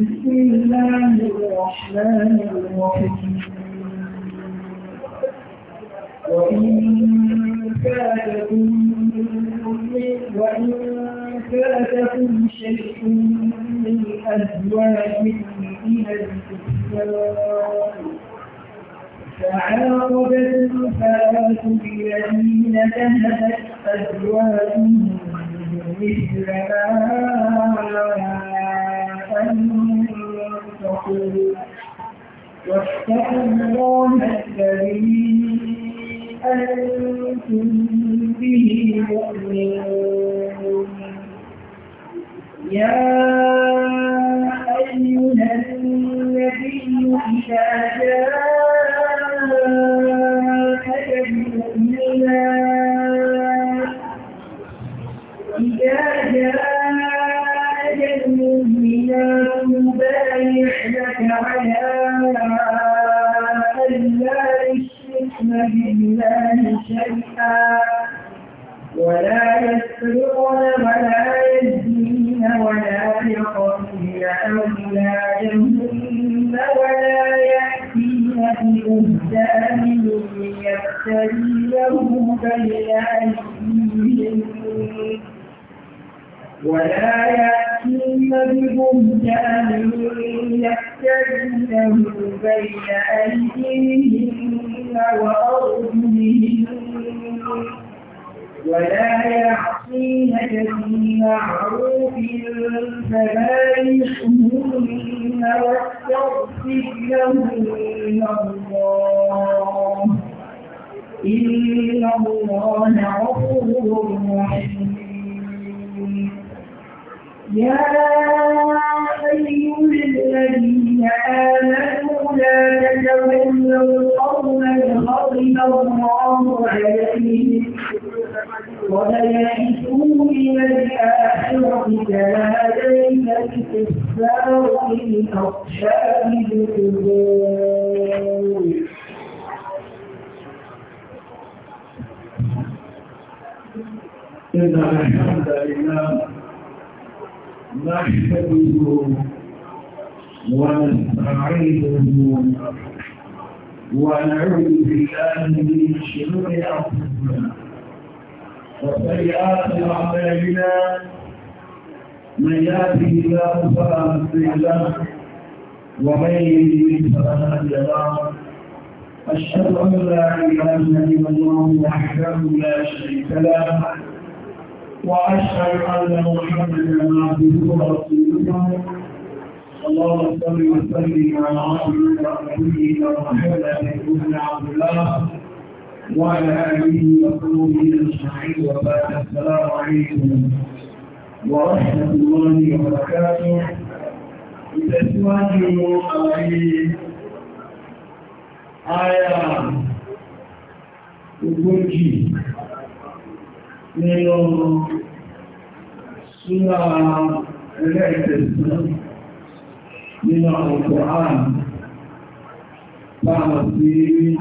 بسم الله الرحمن الرحيم وإن كادكم شيء من أزواجكم إلى الإسلام فعاقبتم فآتوا الذين ذهبت أزواجهم مثلنا أن تقول واتقوا الله الذي أنتم به مؤمنون يا أيها النبي إذا جاء جاء أجل مؤمنا مبايعنك على ألا يشركن بالله شيئا ولا يسرقن ولا يزنين ولا يقتلن أولادهن ولا يأتين ببهتان يفتريه بين أيديهن ولا يأتين ببهتان يفترينه بين أيديهن وأرجلهن ولا يعصينك في معروف فبايعهن واستغفر لهن الله إن الله غفور رحيم يا أيها الذين آمنوا لا تتولوا قوما غضب الله عليهم وليئسوا من الآخرة كما ليس الكفار من أصحاب القبور إن الحمد لله نحمده ونستعينه ونعوذ بالله من شرور انفسنا وسيئات اعمالنا من يهده الله فلا مضل له ومن يضلل فلا هادي له اشهد ان لا اله الا الله وحده لا شريك له وأشهد أن محمدا عبده ورسوله اللهم صل وسلم على عبدك ونبيك محمد بن عبد الله وعلى آله وصحبه أجمعين وبعد السلام عليكم ورحمة الله وبركاته تسمعوا عليه آية ogójì nínú súnà ẹlẹ́ẹ̀kẹsàn nínú àwọn Kùránì láàrín sí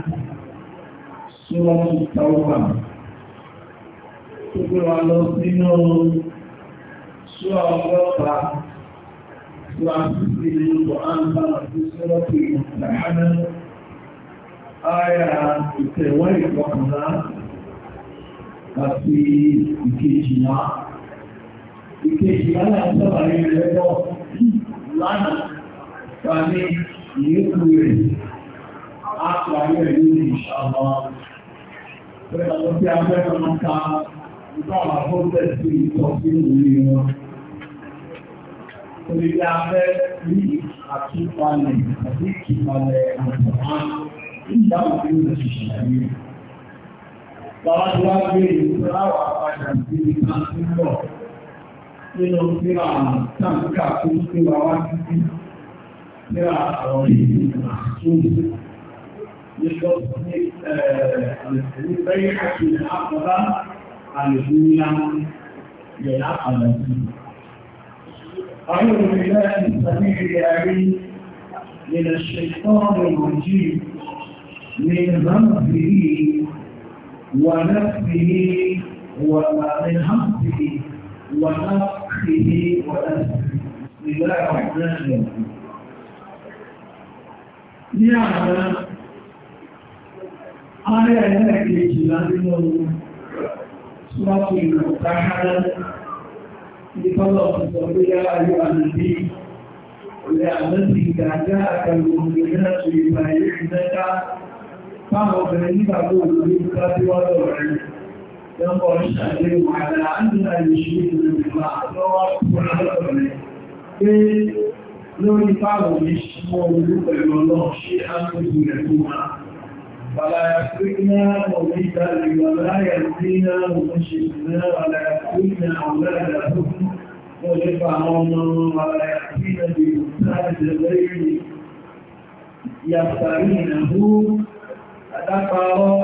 súnà Tawbah tó gbé wà lọ sínú súnà ọgọ́ta súnà sí nínú Kùránì láàrín sí súnà Tawbah Aya ìtẹ̀wọ́ ìkọkànlá àti ìkejìlá. Ìkejìlá náà sọ́bàrí rẹ̀ lọ lánàá ta ní ìyókù rẹ̀. A pàrí rẹ̀ lórí ìṣàmà. Bẹ́ẹ̀ lọ sí abẹ́rẹ́ máa ta ìtàwà fọ́tẹ̀ sí ìtọ́ sí ìwé wọn. Orílẹ̀ abẹ́ rí àtúpalẹ̀ àti ìkìpalẹ̀ àtàwọn ìdáhùn tí ó Bàbá ti wá gbé ìfúráwà padà sí ìgbàmílọ̀ nínú síra tàbíkà tó ń pè wá wá títí síra àwọn ìgbìmọ̀ tó ń pè. Nígbà ní bẹ́yìn àti àkọ́lá àlèkúnlá yẹ̀lá àlàjì. أعوذ بالله السميع العليم من الشيطان الرجيم من همزه ونفذه ونهضه ونفخه ونفذه لله الرحمن الرحيم يا انا انا كي جلالي مولو سماكي مكتحل لفضل صلى الله عليه وسلم جاءك المؤمنات بما يحدث فهو بالنسبة لهم بالتاتوات والعلم ينظر الشهدين على عندنا المشريك من الله وعلى lórí fáwọn ìṣmọ́ olú pẹ̀lú ọlọ́run ṣe ápùsù rẹ̀ fún wa. Bàbára pínlẹ̀ ọmọ ìdálẹ̀ ìwọ̀láyà sí náà wọ́n ṣe ìrìnlẹ̀ ọ̀láyà pínlẹ̀ ọ̀láyà tó fún wọ́n ṣe fà àwọn ọmọ ọ̀láyà pínlẹ̀ dápàárọ́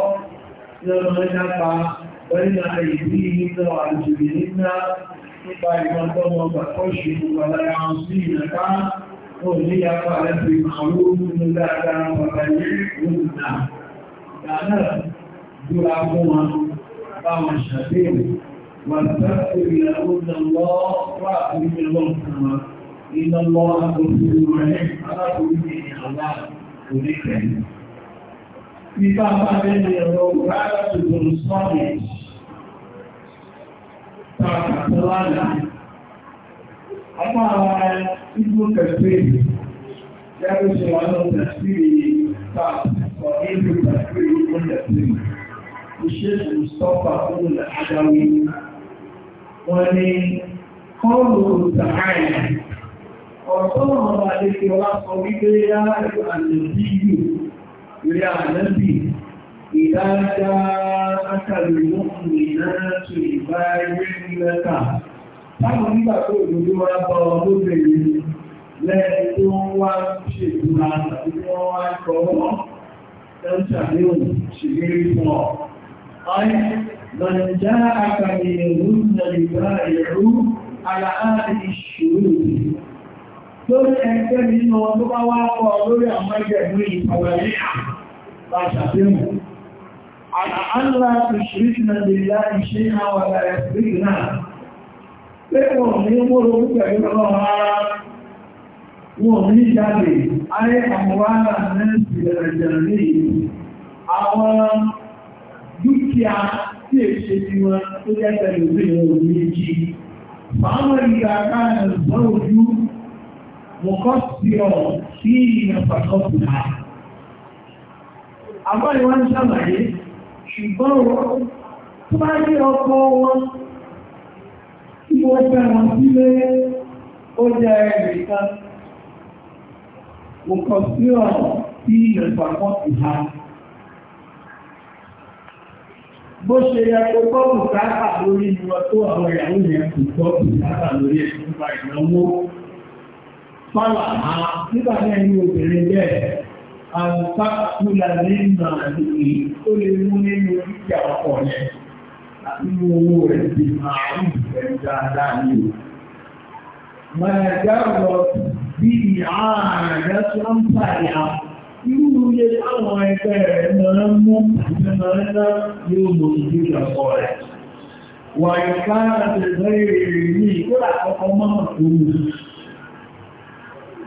tí ó máa dápa pẹ̀lú àìsí nínú àjòyè nígbà nípa ìwọ̀n tó mọ́ gbàkọ́ṣù ìgbàlára sí ìrẹ́ká ó ní yàpá ẹ̀fẹ́ àwọn olóògùn dáadáa pàtàkì òǹdà dáadáa dúra fún wọn báwọn ṣàdéhùn wọ́n tẹ́kù ìyàwó ìdánwọ́ wà fún ìlọ́nkùnrin ìlọ́lọ́ àgbòsí rẹ̀ alákòókè ìyàwó kò ní kẹ́yìn ní bá bá lẹ́nu ẹ̀rọ rárá tuntun sọ́ọ̀lì tààtàlánà ọmọ àwọn igbó kẹfẹ́ yàtọ̀ ṣe wà lọ tẹ̀sí tààtọ̀ ìlú tẹ̀sí ìlú tẹ̀sí ìṣẹ́sù sọ́pà fún àdáwí wọ́n ní kọ́ọ̀lù tààrà ọ̀tọ́ àwọn àdékè ọlá sọ wípé yára ìlú àlè ìrẹ́ ànábì ìdájá látàrí lókùn ìnára tó ìbá ẹgbẹ́ nílẹ́ta táwọn nígbà tó òdòdó wá bá ọ lóbìnrin lẹ́yìn tó ń wá ṣètùlá tàbí wọ́n wá kọ́ wọ́n tẹ́ńtà ní òun ṣèlérí fún lórí ẹgbẹ́ nínú wọn tó bá wá pọ̀ lórí àwọn ẹgbẹ́ ní ìpàwẹ̀rí àṣàfihàn. Àlá ìṣìríṣìnà lè lá iṣẹ́ àwọn ẹ̀sìrì náà. Pẹ́pọ̀ ní mọ́rọ̀ púpẹ̀ lọ́rọ̀ ara wọn ní jáde, ayé àmúwárà nẹ́ẹ̀sì ẹ̀rẹ̀jẹ̀rẹ̀ àwọn dúkìá tí èṣe tí wọn tó jẹ́ tẹ̀lẹ̀ mọ̀kọ́síọ̀ sí ìrẹ̀pàkọ́sùnà. Àbáyé wọ́n ṣàlàyé, ṣùgbọ́n wọ́n tó bá rí ọkọ wọn tí wọ́n fẹ́ràn sílé ó jẹ́ ẹ̀rẹ̀kan. Mọ̀kọ́síọ̀ sí ìrẹ̀pàkọ́sùnà. Bó ṣe yẹ kó gbọ́ bùkátà lórí ìrọ̀ tó àwọn ìyàwó yẹn kò gbọ́ bùkátà lórí ẹ̀kọ́ ìgbà ìnáwó fàlà á nígbà náà ní obìnrin bẹ́ẹ̀ àǹtàkùlà nínú àdìrí ó lè mú nínú dúkìá ọkọ yẹn nínú owó rẹ̀ ti máa ń fẹ́ dáadáa ní o. Màdá lọ bí ààrẹ tó ń pàyà irú ń mú ìfẹ́nà ńlá yóò mọ ìdíjà ọkọ rẹ̀. Wà ìfáàrà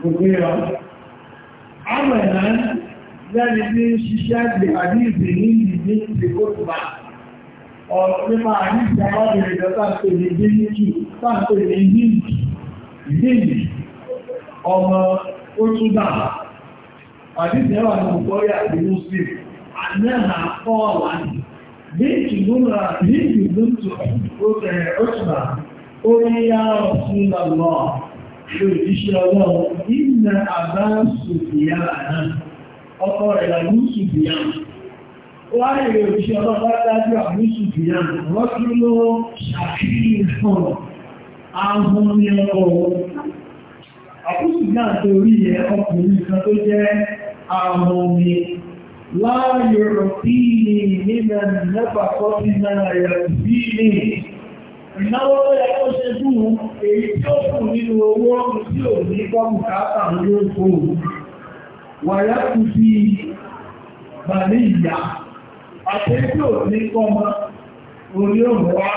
òpin ọ̀. Àmọ̀ ìná lẹ́ni tí ń ṣiṣẹ́ gbé àdíìsì ní ìdí ti kó tùbà. Ọ̀pínpá àdíìsì alábìnrin ìjọba tó ní ní Bíníkì, Bíníkì, ọmọ Ótúbà. Àdíìsì ẹwà ní Bùkọ́rí ó ní yá ọ̀sùn lọ́wọ́ ṣòjíṣẹ́ ọlọ́run ìnà àbá sùfìyà àná ọkọ rẹ̀ làbú sùfìyà wá èrè òjíṣẹ́ ọlọ́run dájú àbú sùfìyà rọ́kí ló ṣàfihàn ahun ní ọkọ̀ àbú sùfìyà torí ẹ ọkùnrin kan tó jẹ́ ahun ni láàyò rọ̀ ìnáwó tó yẹ kó ṣe fún èyí tí ó kù nínú owó tí ò ní kọ́mù káàkà lórí oko wàyá kù sí bàní ìyà àti tí ò ní kọ́mọ orí òun wá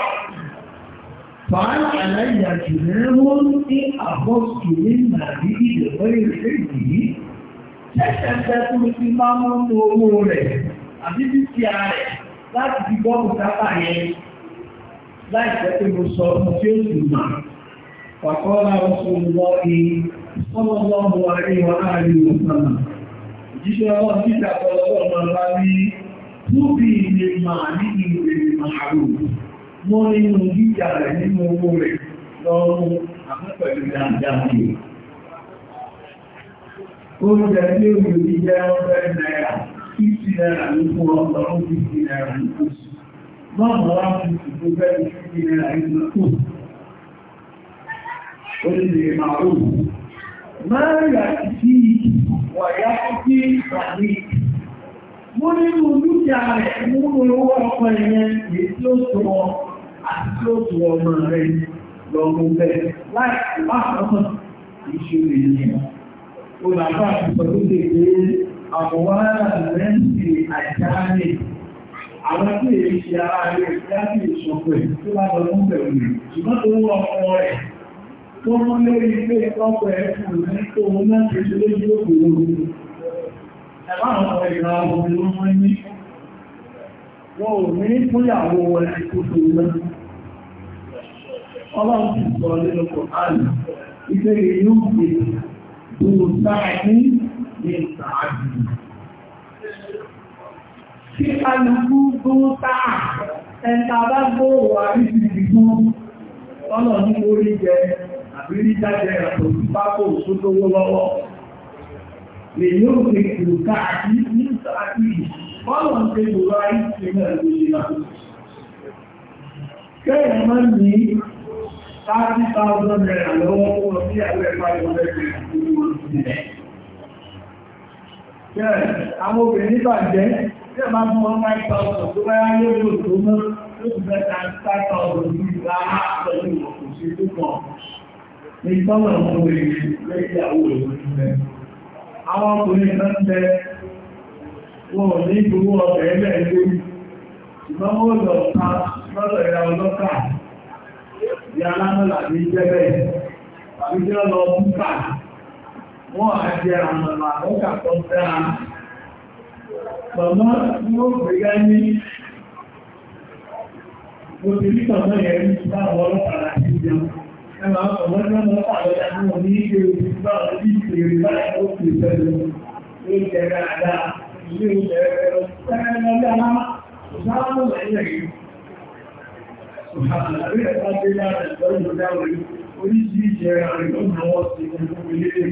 fàán àlàyà jù lẹ́wọ́ ní àbọ̀sù ní nàbí ìdẹ̀wọ́ ìrẹ́lẹ̀ yìí ṣẹ̀ṣẹ̀ fẹ́ tó ti máa ń mú owó rẹ̀ àbí dúkìá rẹ̀ láti fi gbọ́ bùkátà yẹn láìpẹ́ pé mo sọ ọmọ tí ó sì mà wàkọ́lá oṣù lọ ní ọmọlọ́mọ àríwá àárín òsànà jíṣẹ́ ọmọ títà tọ́lọ́lọ́ bá ní túbí ilé máa ní ìrìn màárù mọ́ nínú jíjà rẹ̀ nínú owó rẹ̀ lọ́rùn àpẹ́pẹ̀lú dáadáa ní oúnjẹ tí ó yóò jíjẹ́ ọ̀fẹ́ náírà 50 náírà ló fún ọlọ́run 50 náírà ní oṣù mọ́mọ̀ wá fún ìgbẹ́ ìṣẹ́gbẹ̀rẹ̀ àìsìnkú ó lè lè máa rú máa yà sí wàyá sí ìpàdé mú nínú dúkìá rẹ̀ mú olówó ọkọ̀ ẹ̀yẹn èyí tí ó àti rẹ̀ lọ́gbọ̀n bẹ́ẹ̀ láti àwọn tí èyí ṣe ara rẹ̀ láti ìṣọ̀pẹ̀ tó bá lọ fún pẹ̀lú ṣùgbọ́n tó wọ́n ọkọ rẹ̀ tó mú lérí pé ọkọ̀ ẹ̀kùn ní tó mú láti ṣe lójú òkúrú ẹ̀bá àwọn ọmọ ìgbà ọmọ ìlú wọ́n ní wọ́n ò ní fúnyàwó wọn ẹ̀kú tó mú ọlọ́run ti sọ nínú kọ̀ọ̀lù ìgbẹ̀rẹ̀ yóò gbé tó sáà ní ìsáàdì kí alùkú gún táà ẹ̀ta bá gbóòwò àríṣìí fún ọlọ̀ ní orí jẹ àbírí jáde ẹ̀tọ̀ sí pápò sótówó lọ́wọ́ lè yóò fi ìrùkà àti ìsáàkì bọ́lọ̀ ń tẹ́ lọ́wọ́ àìsí náà lórí náà kẹ́yẹ̀ máa ní 30,000 naira lọ́wọ́ fún ọdí àwẹ́ 500 naira Àwọn obìnrin bàjẹ́ Ṣé Ní tọ́lọ̀ mú èrè àwọn òṣèlú Àwọn ọkùnrin kan ń ní ìgbówó ọbẹ̀ ẹlẹ́ ilé. Ṣùgbọ́n wọ́n lọ́dọ̀ ìyá ọlọ́kà. Ìyá alámọ́là ní jẹ́bẹ̀ tàbí jẹ́ lọ màmá ní ó gbẹ̀gá ní gbogbo ní yẹ ní bá ọlọ́pàá àti ìjẹun ẹmà ọmọ ní wọn ní ilé orí bá ìpèrè báyìí ó fi ìfẹ́lẹ̀ ló jẹ dáadáa ilé oúnjẹ ẹ̀rọ sẹ́rẹ́ lọ́jà máa ìsáwọn ẹ̀yẹ̀ yìí Òṣàlàyé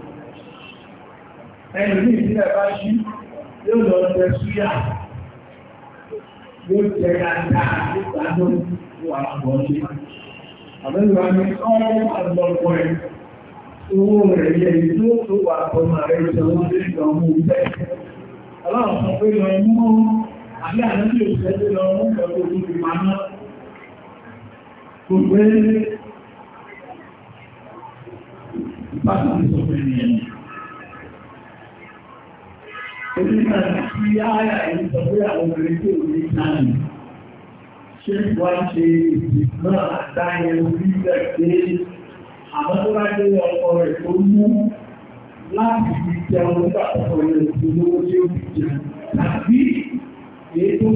ẹni ní ìpínlẹ̀ ṣí yóò lọ jẹ súyà yóò jẹ dáadáa nípa tó tó wà pọ̀ mà rẹ̀ ìṣòro sí ìgbọ̀mù lọ mú àbí àdájú òṣèlú lọ mú pẹ̀lú ojú ìpamọ́ sọ pé ní ẹ̀yìn Onígbà tí ááyà yìí sọ pé àwọn obìnrin tí ò ní sáàmì, ṣé wá ṣe ìgbìmọ̀ àdáyẹ orílẹ̀ pé àwọn tó bá jẹ́ ọkọ rẹ̀ tó mú láti fi jẹun nígbà ọkọ rẹ̀ tó lówó tí ó fi jẹun tàbí èyí tó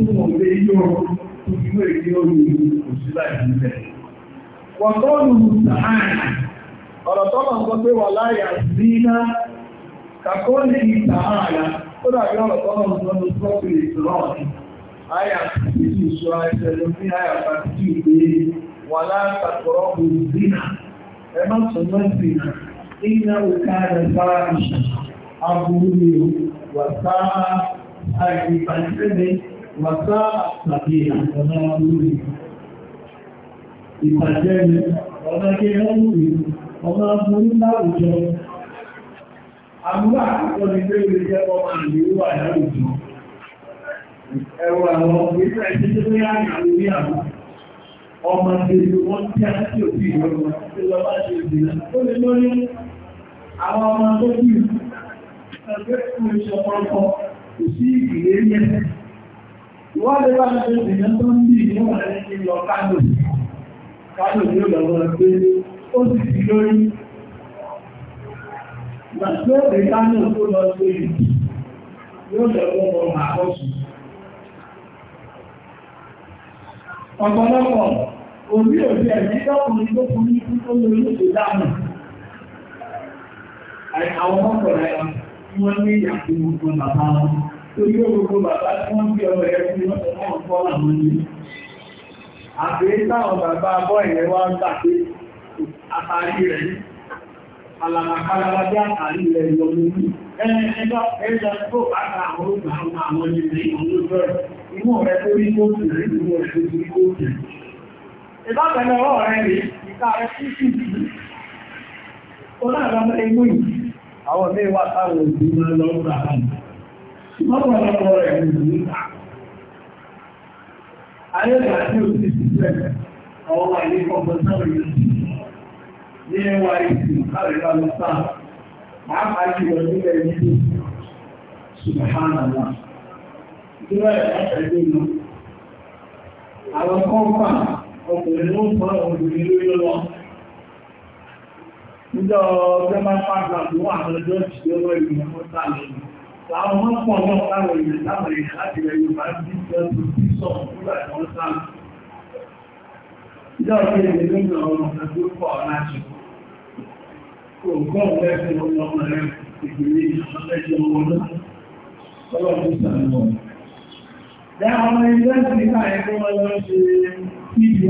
fún ní ìtààrà ó dàbí ọ̀rọ̀ tọ́lọ̀ lọ́nà sọ́ọ̀tì ìtùrọ̀ọ̀tì àyà ìlú ìṣọ́ ẹ̀ṣẹ̀lẹ̀ ní àyà pàtàkì ìgbé wà látàkọ̀rọ̀ òzìnà ẹ má sọ̀rọ̀ ìsìnà ìyá òkà rẹ̀ sára ìṣà aburú ni o wà sáà àìbàjẹ́lẹ̀ wà sáà tàbí àtọ̀nà lórí ìbàjẹ́lẹ̀ ọ̀nà kí wọ́n lórí ọ̀nà aburú láwùjọ Àbúrò àkọ́kọ́ ni pé ọma jẹ́ ọmọ àdìrú àyáwùjọ. Ẹ̀rọ àwọn ìgbésẹ̀ tí ní àyàwó ní àwọn ọmọ ìgbésẹ̀ wọ́n tí a ti òbí ìrọ̀rùn àti lọ́wọ́ àti Ó bá ṣe ìdìnà tó Ìgbà Ọ̀pọ̀lọpọ̀, òbí òbí ẹ̀mí lọ́kùnrin tó kún ní kú tó lórí ìlú dáàmù. Àwọn ọmọkùnrin ẹ̀wọ̀n tí wọ́n ní ìyàkùnrin kan bàbá wọn, tó yóò gbogbo bàbá tí wọ́n bí ọmọ ẹ̀ fún ọmọ ní. Àbẹ́ táwọn bàbá bọ́ ìrẹ́wà ń tàbí àtàrí rẹ̀ alàmàkàlàwájá àrí ilẹ̀ ìlọ́lórí ẹ̀ẹ́dọ́ ẹ̀ẹ́dọ́ tó àtà àwọn olùgbà àwọn àwọn ilẹ̀ ìlọ́lórí rẹ̀ tó tí ó ti ọwọ́ sáwọn ní nyc àríwá lọ́sà máa bá jù lọ nílẹ̀ yìí subhanallah ìdúrà ẹ̀ẹ́dẹ́gbẹ́ lọ àwọn kọ́ńpà ọkùnrin láwọn ìrìn láwọn ìrìn láti rẹ̀ yóò bá bí ìjọ́sí písọ̀ nígbà ìwọ́n sáà níjọ́ ìrìn lórí ọ̀rọ̀ ọ̀rọ̀ ògbọ́n àwọn òbí lẹ́gbẹ̀rẹ̀ ọ̀pọ̀lọpọ̀ ẹgbẹ̀rẹ̀ tí ti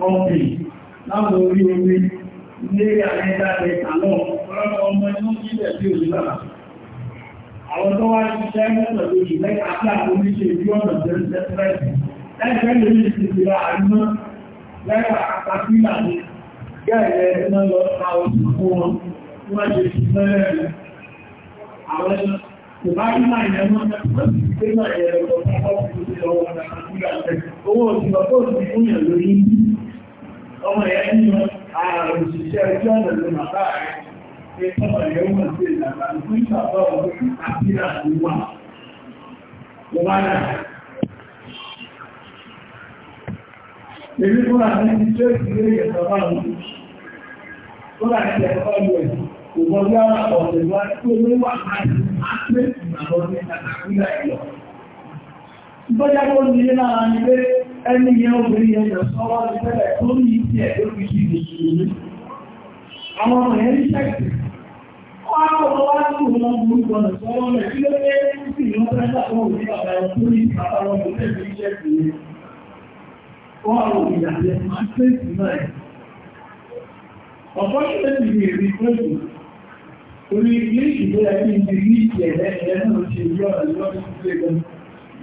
wọn ọ̀pìn láwọn orí omi ilé àrẹ́dáre àlọ́ ọ̀pọ̀lọpọ̀ ọmọ inú sílẹ̀ sí òjú lára. Àwọn tó wá ṣiṣẹ́ mẹ́sàn lójú lẹ́yìn àti àwọn oníṣẹ́ ìlú ọ̀nà tẹ́lẹ̀tẹ́lẹ̀tì. Ẹgbẹ́ lórí ìsìnkìlá àrímọ́ lẹ́yìn àpapílà ní gẹ́ẹ̀rẹ́ iná lọ ta oṣù fún wọn tí wọ́n ṣe ti mẹ́rẹ̀ rẹ̀. Àwọn ìbárímà ìyẹmọ́ mẹ́sàn ti gbé náà yẹ ọmọ ẹ̀ ń ààrùn òṣìṣẹ́ ojú ọ̀nà ló fún àti àdúwà wọ́nà èyí ti tó ìsìlẹ̀ ìyẹ̀sọ̀bá mú fúnra ní ẹ̀kọ́ lù ẹ̀ òmọ̀lú ọ̀sẹ̀ wá tó ló wà láti máa pé ìgbàmọ́ ní àtàkùnlẹ̀ ìlọ̀ bóyá kó ní lára ní pé ẹni yẹn obìnrin yẹn lọ sọ́wọ́ ní tẹ́lẹ̀ tó ní ìsì ẹ̀ tó fi sí orí ilé ìgbéyàwó ìdílé ìṣẹ̀lẹ̀ ẹ̀rẹ́ náà ṣe yọ̀ ọ̀nà lọ́dún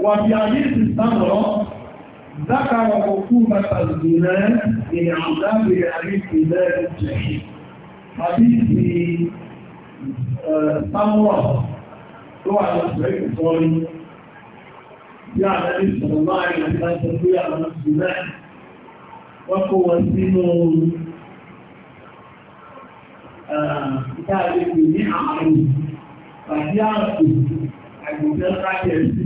وبيعيد الثمرة ذكر عقوبة الزنا من عذاب الأليم في ذلك الجحيم حديث آه، ثمرة هو على صحيح البخاري يعني النبي صلى الله عليه وسلم تنبيه على نفس ذلك وقوة سنون آه، كتاب ابن نعم عليه فهي عرفت عن مجرد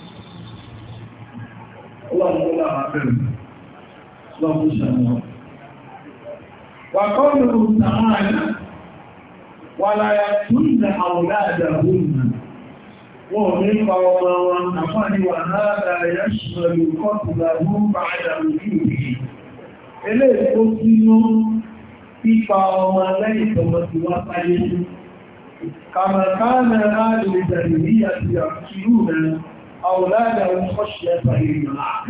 وقوله تعالى ولا يقتلن أولادهن ومن قوم أفعل وهذا يشمل قتله بعد وجوده eléyìí tó sínú pípa ọmọ lẹ́yìn tọmọ ti wá sáyé kàmàkánà láàrin ìjẹ̀lẹ̀ ní àti àkìrù rẹ̀ أولادهم خشية إملاق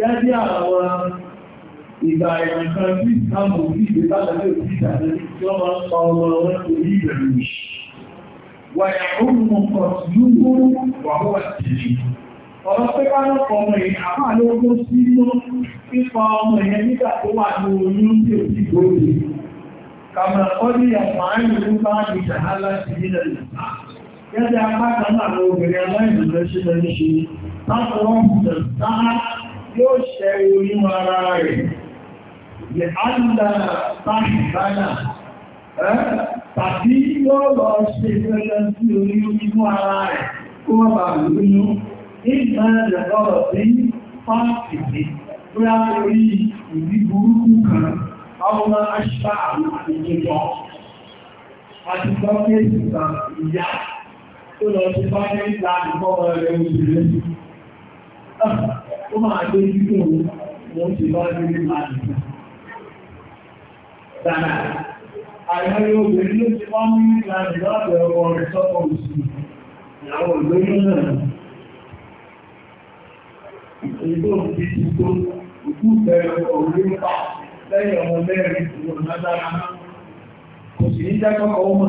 يجي على ìgbà ẹ̀rùn kan tí ìsàmù sí ìgbésàlẹ̀ òsìsà tí ó máa ń pa ọmọ wọn tó ní ìbẹ̀rù ìṣì wà ìyàwó mọ̀ lúgbó wà wọ́n tìrì ọ̀rọ̀ pé bá ń pọ̀ ọmọ ìyà àmà lógó sí inú pípa ọmọ ìyà nígbà tó wà ní oyún tí ó ti gbóòdì kàmà ọdí àmà ìlú bá ń ìjà nílẹ̀ ìsàmù gẹ́gẹ́ apákan àwọn obìnrin aláìsìnlẹ̀ sílẹ̀ ń ṣe tápọ̀lọ́pùtẹ̀ táà yóò ṣẹ orí ara rẹ̀ lè áńdà táàkìtánà tàbí yóò lọ ṣe gẹ́gẹ́ sí orí inú ara rẹ̀ kó wọ́n bà lóyún nígbà lọ́rọ̀ sí fáàkìtì bóyá orí ìdí burúkú kan ọmọ aṣáà àti ìjọjọ àti gbọ́gbé ìgbà ìyá tó lọ sí fáyẹ́ǹsì láti fọ́mọ rẹ̀ oṣù ah, Ó máa dé títò mo ti bá nílé Dàdà, àìmọye obìnrin ló ti wá mú ìlànà lọ́dọ̀ ọmọ rẹ̀ sọ́kọ̀ oṣù ìyàwó lóyún náà. Ìgbò ti ti tó òkú bẹ̀rẹ̀ òwe pa lẹ́yìn ọmọ mẹ́rin ìwọ̀n lágbára. Kò sì ní jẹ́ kọ́kọ́ mọ̀.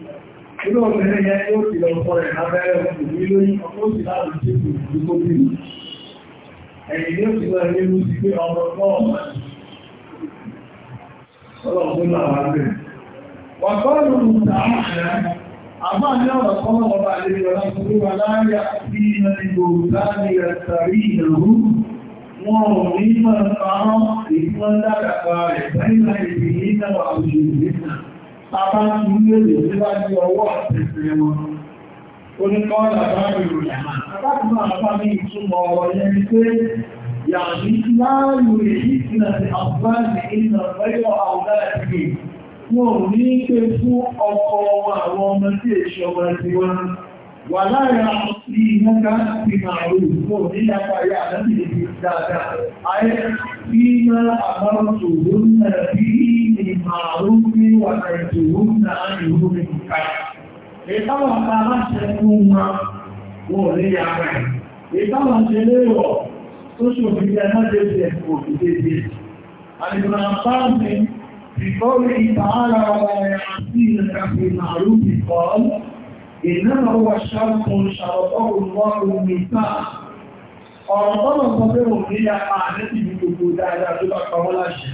Inú obìnrin yẹn yóò ti lọ fọ́ rẹ̀ lábẹ́rẹ́ òkú ní lóyún ọmọ òsì láti ṣe kò ní kó bí mi. Ẹ̀yìn yóò ti lọ ilé mú sí pé ọmọ náà wà. Ọlọ́run ló wà bẹ́ẹ̀. Wà bọ́ọ̀lù ń ta àṣẹ. Àmọ́ ní ọ̀rọ̀ kan lọ́wọ́ bá lè rí ọ̀rọ̀ tó wà láàárín àti ìrìn ìgbò láàárín ẹ̀sàrí ìrìnàrú. Wọn ò ní máa parọ́ ìfúndára pa rẹ̀ sẹ́yìn láì Bàbá ti ní èdè síwájú ọwọ́ àtẹ́sẹ̀ wọn. Oníkọ́ọ̀lá bá rí ìròyìn àmà. Àbájúmọ́ àbá ní ìtumọ̀ ọ̀rọ̀ yẹn pé yàrí láàrù èyí tí na ti àbúrájì ìnà pẹ́lú àwọ̀dá ìgbè. Wọ́n ò ní pé fún ọkọ̀ àwọn ọmọ tí èṣọ́ ọmọ ti wá. Wà láàrin àwọn sí iná gáàsì máa rò fún òníyà parí àdájì dáadáa. Ayé bí iná àbárọ̀ tòun náà wọ́n rẹ̀ tó wọ́n náà ní ìlú mi kà. Ìtàwọn ọ̀pá aláṣẹ fún wọn wọ́n lè yà rẹ̀. Ìtàwọn ṣe lérò tó ṣòfin jẹ́ mọ́jẹ́jẹ́ òfìdéjì. Àdìmọ̀láfáàmì ìfọ́rí ìtàhálà ọ̀rọ̀ àti ìrìnkàfẹ́ màálù ìfọ́. Ìnáà wọ́n ṣàkùn ṣàrọ̀tọ́rùn mọ́rùn-ún mìta ọ̀rọ̀ tọ́lọ̀ sọ pé òun ní yapa àdẹ́sì ní gbogbo dáadáa tó bá pamọ́ láṣẹ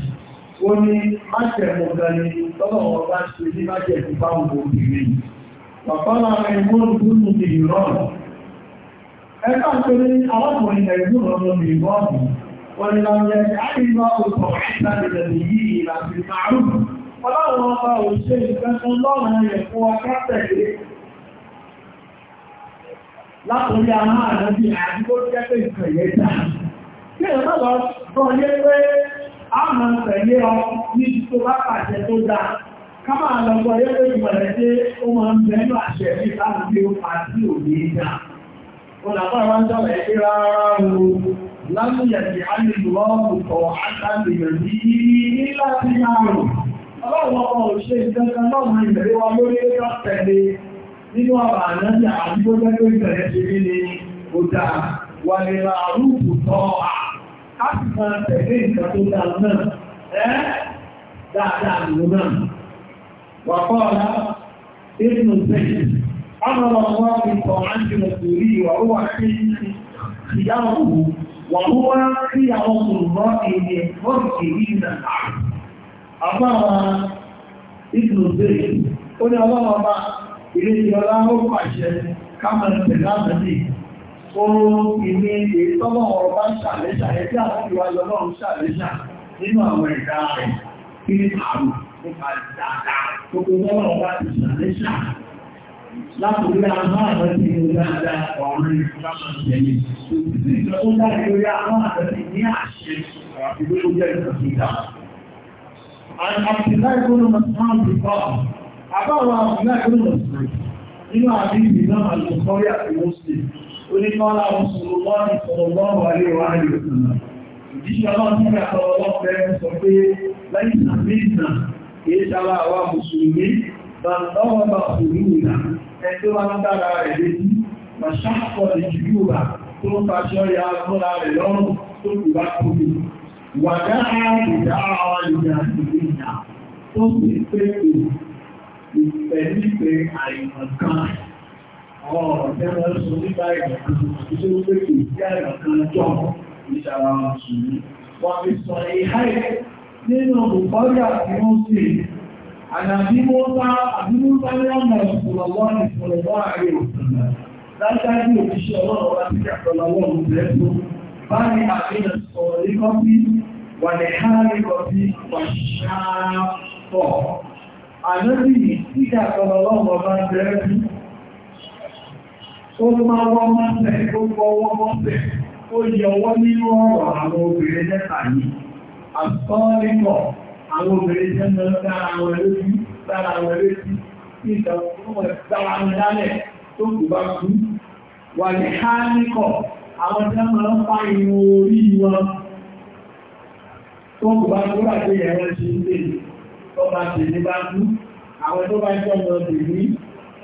ó ní máṣẹ̀mù gani tọ́lọ̀ wọn bá ṣe ní máṣẹ̀mù báwọn obìnrin wàfọ́nà ẹgbọ́n gúnnù ti ìrọ̀n ẹgbà tó ní alákùnrin ẹgbọ́n ọmọ ìrọ̀n wọn ni lọ́yẹ àìyíwá òkọ̀ ìtàlẹ̀lẹ̀ yìí ìlàtí márùn ọlọ́run ọba òṣèlú kẹsàn lọ́rùn rẹ̀ fún akátẹ̀lé látòrí àwọn àdájú àdúgbò jẹ́ pé ìkẹ̀yẹ́ dáa kí ẹ̀rọ lọ sọ yé pé àmà ń tẹ̀lé ọ níbi tó bá pàṣẹ tó dáa kámà lọ́gbọ́ yẹ́gbẹ́ ìmọ̀lẹ̀ tí ó máa ń bẹ̀rẹ̀ àṣẹ ní láti bí ó pa sí òní ìjà olàbá wa ń dọ̀rọ̀ ẹ̀kí rárá o lámúyẹ̀sì alìlúwọ́pù tọ̀ àtàlèyàn ní láti nínú àbà ànájà àdúgbò gẹ́gẹ́ ṣe ní ó wà lè àrùkù tọ́ àà káàkiri máa tẹ̀lé nǹkan tó dáa náà ẹ́ dáadáa oòrùn ìní ìtọ́lọ̀ ọ̀rọ̀ bá ń ṣàlẹ́ṣà ẹ̀ tí àwọn ìwájọ́ náà ń ṣàlẹ́ṣà nínú àwọn ẹ̀dá rẹ̀ kí ní àrùn nípa dáadáa tó kó lọ́rọ̀ bá ti ṣàlẹ́ṣà látòrí àwọn àwọn ti ní dáadáa ọ̀rọ̀ ìfúnnáṣọ́ ìjẹni tó ti sí ìjọ tó dáa lórí àwọn àtẹ́sí ní àṣẹ ìwé ó jẹ́ ìtọ́síta. Àbìlá ìgbónúmọ̀ náà ti kọ́ àbáwọn àbìlá ìgbónúmọ̀ sí nínú àbí ìgbìmọ̀ onímọ́lá mùsùlùmọ́ni sọ̀rọ̀lọ́wọ́ àríwá àríwá ìdíṣẹ́ ọlọ́run nígbà sọ̀rọ̀lọ́pẹ́ sọ pé láìsà méjìnà kìí ṣàlá àwà mùsùlùmí bàtọ́wọ́bà òrùnà ẹgbẹ́ wá ń dára rẹ̀ létí màṣàkọ̀ ìjúwà tó ń pàṣọ ya múra rẹ̀ lọ́rùn tó kù bá kúrò wàdá àìdá àwọn ìjà ìgbìyà tó sì pé pẹ̀lú pé àìmọ̀kan àwọn ọ̀rọ̀ tẹ́lẹ̀ sọ nípa ìgbàkan tó ń pè kì í sí àgbàkan jọ ìṣàrà mùsùlùmí wọ́n fi sọ ìhá ẹ̀ nínú bùkọ́jà tí wọ́n sì ànàbí mọ́ta àbímọ́ta ní ọmọ ìfọ̀lọ́wọ́ ìfọ̀lọ́wọ́ ààrẹ òṣèlú látàrí òṣìṣẹ́ ọlọ́run wá sí àtọ́lọ́wọ́ òṣèlú bá ní àfihàn sọ̀rọ̀ ní kọ́fí wà ní ó máa wọ́n máa ń tẹ̀ gbogbo ọwọ́ wọ́n tẹ̀ ó yọ wọ́n nínú ọ̀rọ̀ àwọn obìnrin lẹ́ta yìí àtọ́lẹ́kọ̀ àwọn obìnrin jẹ́ mọ́ lára wọn lójú lára wọn létí ní ìtàkùnmọ̀sára wọn lálẹ̀ tó kù bá kú wà ní hálẹ́kọ̀ àwọn jẹ́ mọ́ pa irun orí wọn tó kù bá kú láti ẹ̀rọ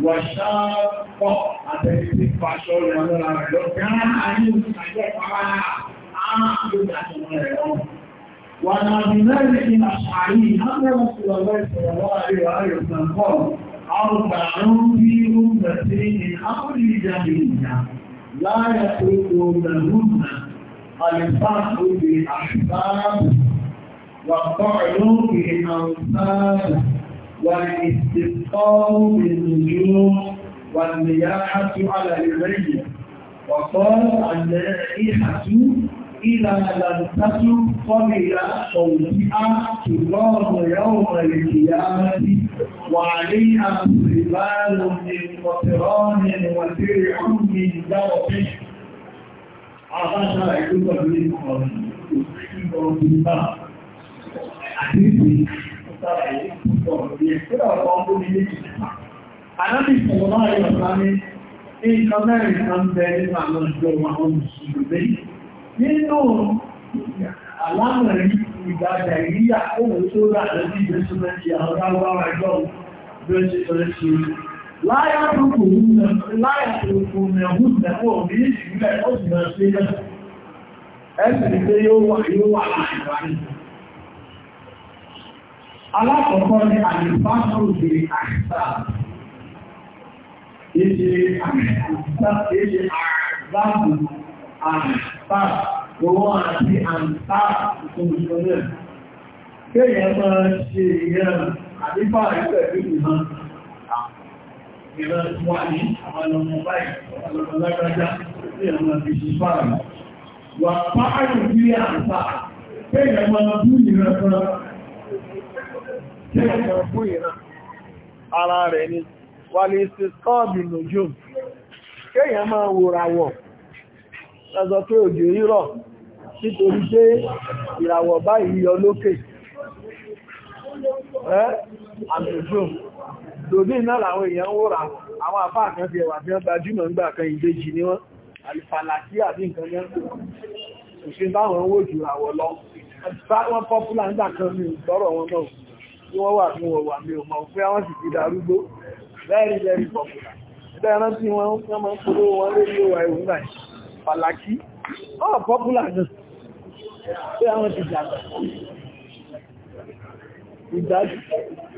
wọ̀ṣọ́pọ̀ àtẹ̀lẹ́sí fàṣọ rẹ̀ lọ́la rẹ̀ lọ gáà ayé ìpàdé pàrà ààrùn rẹ̀ lọ. Wà náà bí mẹ́rin ní àṣàrí ìhánẹ́wọ̀n sí ọ̀rọ̀ ìṣẹ̀lẹ̀ láàrin ààrẹ òṣèlú pọ̀. Àwọn ọgbà ń rí oúnjẹ sí ní àkọ́lì ìjàmbá ìjà láyà tó kò lẹ́lúùnà àlùfáàkó di àṣùbáàbù wà pọ̀ lóògì àwọn sáàbù. والاستسقاء بالنجوم والنياحة على الميت وقال النائحة إذا لم تكن قبل صوتها تقام يوم القيامة وعليها سبال من قطران وترع من درب عرفها يقول لكم Àlámọ̀rí ìgbàjà ìríyà ohun tó rà lórí ìgbésùnmẹ́sì àwọn aláwọ̀ àjọ́ ìgbésùnmẹ́sì. Láyá tó kò mẹ́hùn mẹ́hùn ní ìṣìlẹ̀ ó sì mẹ́ sí náà. Ẹ́sì pé yóò wà láàrin Alákọ̀ọ́kọ́ ni àlèfáàrù ìrì àṣà. Èṣe àgbàbù àṣà owó àti àṣà ìṣòmìṣò náà. Kéèyàn máa ṣe ìyẹn àdífà ìpẹ̀ ìpìmọ̀ ìran wà ní àwọn ọmọ báyìí, ọmọ lágbàjá sí àwọn ìṣìfààrù. Wà pàárù bí àṣà, kéèyàn máa bú ìrẹ́fẹ́ ẹ̀kan fún ìran ara rẹ̀ ni wà lè ṣe skọ́ọ̀bì lójú kéèyàn máa wòràwọ̀ lọ́sọ pé òjò rírọ̀ nítorí pé ìràwọ̀ báyìí yọ lókè ẹ́ àmìjú lòdí iná làwọn èèyàn ń wòrà àwọn àfáà kan ti ẹ̀wà tí wọ́n gbajúmọ̀ nígbà kan ìbejì ni wọ́n àlìfàlàkí àbí nǹkan yẹn kò ṣe báwọn ń wò jù àwọ̀ lọ wọ́n pọ́pùlà nígbà tí wọ́n wà fún ọwà mi ò mọ̀ pé àwọn sì ti darúgbó very very popular ẹgbẹ́ ẹran tí wọ́n ń kán máa ń polówó wọn lórí ìwà ìwọ̀n náà pàlàkì ọ̀ popular náà pé àwọn ti dàgbà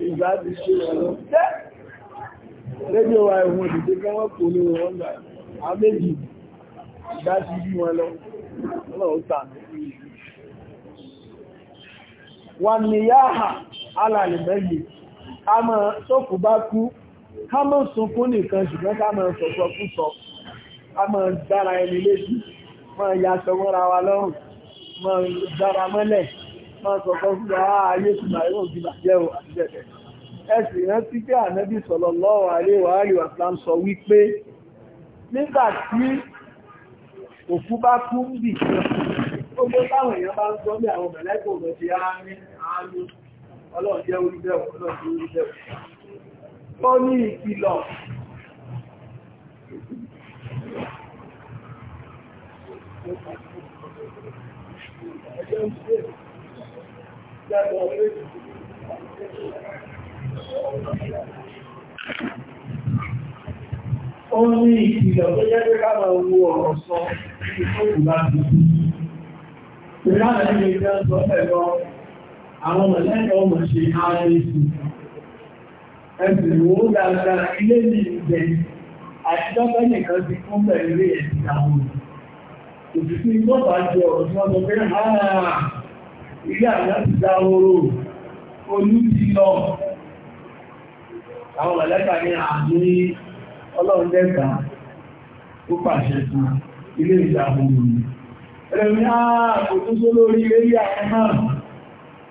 ìgbádìí ṣe wọn lọ tẹ́ rédíò wa ìwọ̀n dìde kí wọ́n polówó wọn gbà àwọn alàlẹ̀mẹ́lì ká mọ́ sókù bá kú ká mọ́ sunkún nìkan ṣùgbọ́n ká mọ́ sọ̀sọ̀ kú sọ ká mọ́ dára ẹni léṣù mọ́ ya sọmọ́ra wa lọ́rùn mọ́ dára mọ́lẹ̀ mọ́ sọ̀sọ̀ fún wa ayé ṣùgbà yóò fi bàjẹ́ o àtijẹ́bẹ̀ ẹ̀sìn rántí pé ànábì sallallahu alaihi wa alihi wasallam sọ wípé nígbà tí òkú bá kú ń bì ó gbé báwọn èèyàn bá ń sọ bí àwọn mẹ̀lẹ́kọ̀ọ́ ti ara ní àánú ọlọ́run jẹ́ orí bẹ́ẹ̀ ọlọ́run jẹ́ orí bẹ́ẹ̀ ó ní ìkìlọ̀ Ó ní ìkìlọ̀ tó jẹ́ pé ká máa wo ọ̀rọ̀ sọ ìfòkù bá ti. Ìrìnàmì ní ìjọ́ sọ ẹ̀rọ àwọn mọ̀lẹ́kọ̀ọ́ mọ̀ ṣe ara ẹ̀sìn ẹ̀sìn wo dáadáa ilé ní ìgbẹ́ àtijọ́pẹ́ nìkan ti fún bẹ̀rẹ̀ ilé ẹ̀sìn àwọn òṣìṣẹ́ ìgbọ́fà jẹ ọ̀rọ̀ tí wọ́n sọ pé ààrà ah, ilé àjá ti dá oró olú ti lọ àwọn mọ̀lẹ́kà ní àmì ọlọ́run dẹ́gbà ó pàṣẹ fún ilé ìjà àwọn òmìnir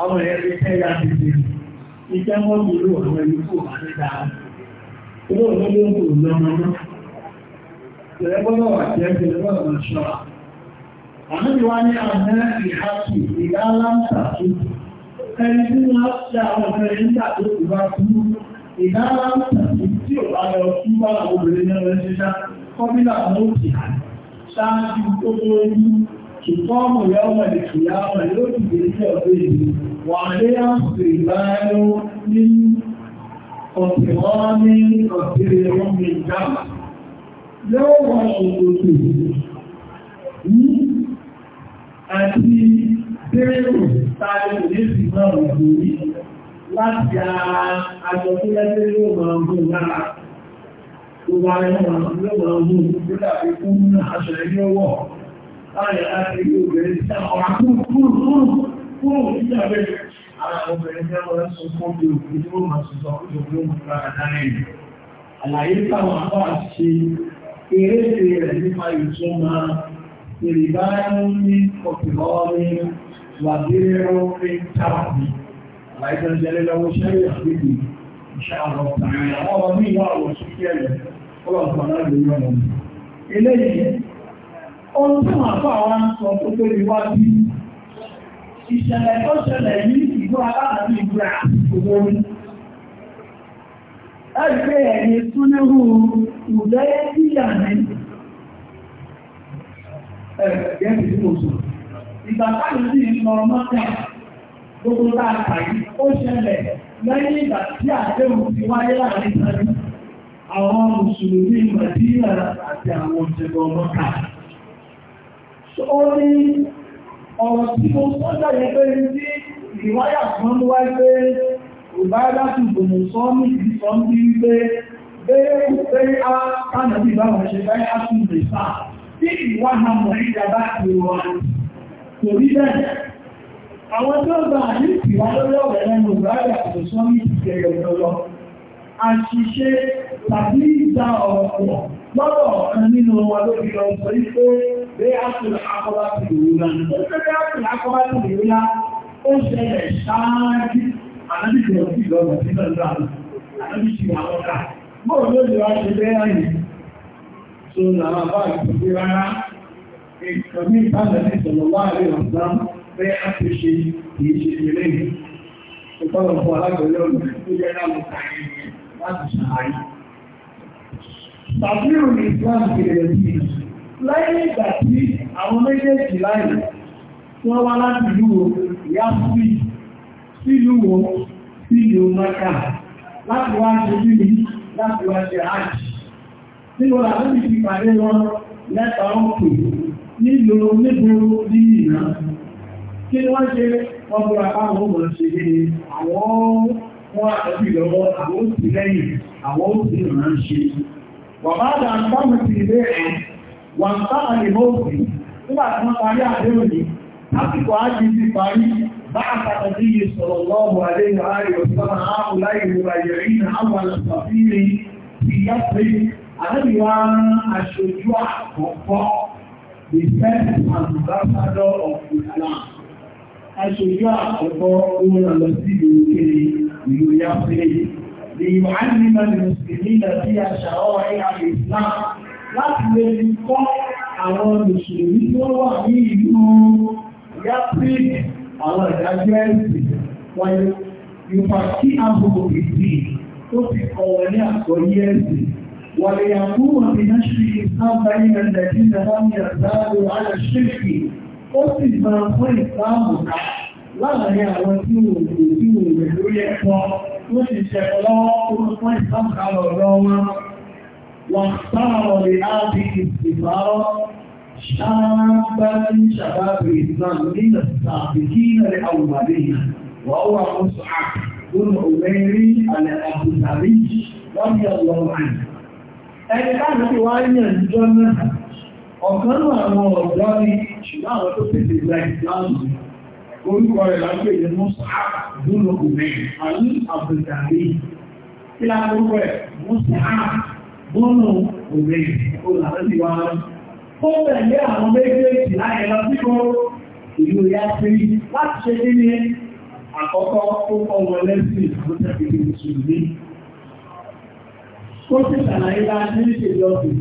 àwọn ẹ̀rí ẹ̀yà tètè ìjẹ́ wọ́n gbòòrò àwọn ẹ̀rí kò wá ní dáa owó ìlú ló ń kò lọ́mọ náà ìrẹ́ gbọ́dọ̀ wà jẹ́ ìrẹ́ gbọ́dọ̀ lọ ṣọ́ra àmì wá ní àmì ìhàkì ìfọ́mù yọ́mọ̀ ìkìyàmọ̀ yóò ti gbé sí ọ̀dọ́ ìlú wà ní àpò ìbáyọ́ ní ọ̀tẹ̀wọ́n ní ọ̀tẹ̀rẹ̀ omi ìjámà yóò wọ òkòtò ní àti bẹ́ẹ̀rù tàbí ìlésì náà lórí láti àjọ tó lẹ́gbẹ́ yóò máa ń gùn lára gbogbo ara láàrin láti rí obìnrin tí ọ̀rọ̀ kúrò kúrò kúrò kúrò nígbà bẹ́ẹ̀ ara obìnrin tí wọ́n sọ fún mi òkú tí wọ́n máa sọ fún mi òkú mú lára dáná ẹ̀ àlàyé táwọn àbá ṣe eré ṣe rẹ̀ nípa ìtumọ̀ ìrìbá ní kọ̀pìlọ́ọ̀rì wàdírẹ́rọ́ọ̀rì táàbì àlàyé tó ń jẹ́ lọ́wọ́ ṣẹ́yìn àgbègbè ìṣàlọ̀ tààrà àwọn ọmọ mi wà wọ̀ sí kẹ́lẹ̀ ọlọ́ọ̀tàn náà lè yọ̀ ohun tí wọ́n fọ́ àwọn sọ tó tó lè wá bí ìṣẹ̀lẹ̀ tó ṣẹlẹ̀ ní ìgbó aláàbí ìgbà òwò ni ẹgbẹ́ ẹ̀yìn súnúhù ìwùdẹ́ ní ẹgbẹ́ ìdíkòsù ìgbàtàlù sí ìlọ mọ́tẹ̀ gbogbo ó ní ọ̀rọ̀ tí mo sọ́jà yẹ pé ní tí ìwáyà kan ló wáyé pé òbá láti gbòmò sọ́ ní ìsọ́ ní wípé bẹ́ẹ̀ kò pé á kánà bí báwọn ṣe fẹ́ á tún lè sá tí ìwá àmọ̀ ìjàmbá ti wà kò rí bẹ́ẹ̀ àwọn tó gbà ní ìwà lórí ọ̀rẹ́ lẹ́nu ìwáyà kò sọ́ ní ìjẹyọ̀ lọ́lọ́ àṣìṣe tàbí ìjà ọ̀rọ̀ lọ́rọ̀ ọ̀kan nínú wa ló fi lọ sọ ipé bí a ti akọ́bá ti ìrúlá bí a ti akọ́bá ti ìrúlá ó ṣẹlẹ̀ ṣáájú àdájúkẹ̀ òfin lọ́rọ̀ sí lọ́rọ̀ àdájúkẹ̀ àwọn ọ̀gá bóò ló lè wá ṣe bẹ́ẹ̀ yìí tó làwọn bá ìpínlẹ̀ rárá ìkàmí ìpàdẹ̀ ní sọ̀rọ̀ wá rí ọ̀sán pé a ti ṣe kìí ṣe ìrẹ́ ìpọ́lọ̀pọ̀ alágbẹ̀lẹ́ ọ̀nà tó jẹ́ láwọn ọ̀gá yìí láti ṣàlàyé tàbírù ní Islam bẹ̀rẹ̀ sí lẹ́yìn ìgbà tí àwọn méjèèjì láì wọ́n wá láti ìlú wo yásí sílùú wo sílùú maka láti wá ṣe lílì láti wá ṣe hajj nínú làbí ti pàdé wọn lẹ́ta ọkù nílò nígboro ní ìná kí wọ́n ṣe wọ́n búra báwọn ọmọ ṣe àwọn wọn àtọ́bí lọ́wọ́ àwọn òsì lẹ́yìn àwọn òsì ìrànṣẹ́ wàbáàdà ń sáàmù sí ilé ẹ̀ wà ń sáà lè mọ́sí nígbà tí wọ́n parí àdéhùn ní lásìkò ájì ti parí bá àtàkà sí iye sọ̀rọ̀ lọ́wọ́ àdéhùn ààrẹ òṣìṣẹ́ àwọn láìlú ayẹ̀rí ní àwọn àṣàfihàn ti yá pé àdéhùn aṣojú àkọ́kọ́ the first ambassador of Islam aṣojú àkọ́kọ́ ó rà lọ sí ìlú kéde ìlú yá pé ليعلم المسلمين فيها شرائع الإسلام láti lè fi kọ́ àwọn olùsùlùmí tí ó wà ní ìlú yàtìk àwọn ìdájọ́ ẹ̀sìn wáyé yóò kí àbúrò ìdí tó fi kọ́ wọn ní àkọ́yé ẹ̀sìn wàlẹ̀ yàkúrò ti náà ṣe ìsáàbáyé ẹ̀dẹ̀dẹ̀ ìdájọ́ àmì ó sì máa fún ìsáàmù náà láàárín àwọn tí wò lè tí wò lè lórí ẹ̀kọ́ tó sì ṣẹ̀ lọ́wọ́ orúkọ ìsáàkàlọ̀ lọ́wọ́ wọ́n sáàrọ̀ lè áàbí ìsìnbárọ̀ ṣáàbá ní ṣàbábì ìsìnbárọ̀ ní ìsàbìkí ilẹ̀ àwùmàdé wọ́n wà ó sọ́à lórí òmẹ́rí alẹ́ àbùsàrí lọ́bí ọlọ́wọ́ àná ẹni orúkọ rẹ̀ lápẹ́ ìdí mọ́sáà dúnà òmẹ́ àní àbùdàrí kí lápẹ́ rẹ̀ mọ́sáà dúnà òmẹ́ olùdàrẹ́síwá ó tẹ̀lé àwọn méjèèjì láyé lọ sí kó ìlú ya sí láti ṣe kí ni àkọ́kọ́ ó kọ́ wọn lẹ́sìn àwọn tẹ̀lé mùsùlùmí kó sì sàlàyé bá ní ìṣèjọ́sìn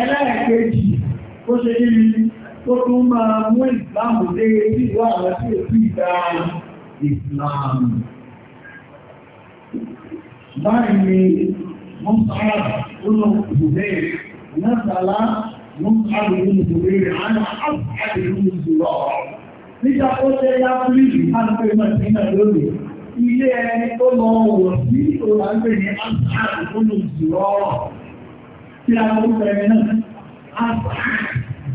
ẹlẹ́ẹ̀kejì ó ṣe kí ni tó tún máa mú ìsìláàmù dé ojú ìwà àwọn tí ó sì dá ìsìláàmù. Báyìí ni Mọ́sára Olú Ìbùdẹ́ Násàlá Mọ́sára Olú Ìbùdẹ́ Àná Àbùkádì Olú Ìbùdọ́. Nígbà tó jẹ́ yá fúlìlì Ágbé Màtínà lónìí, ilé ẹni tó lọ wọ̀ sí Olàgbé ní Ágbé Olú Ìbùdọ́. Kí a mú fẹ́mi náà, Ágbé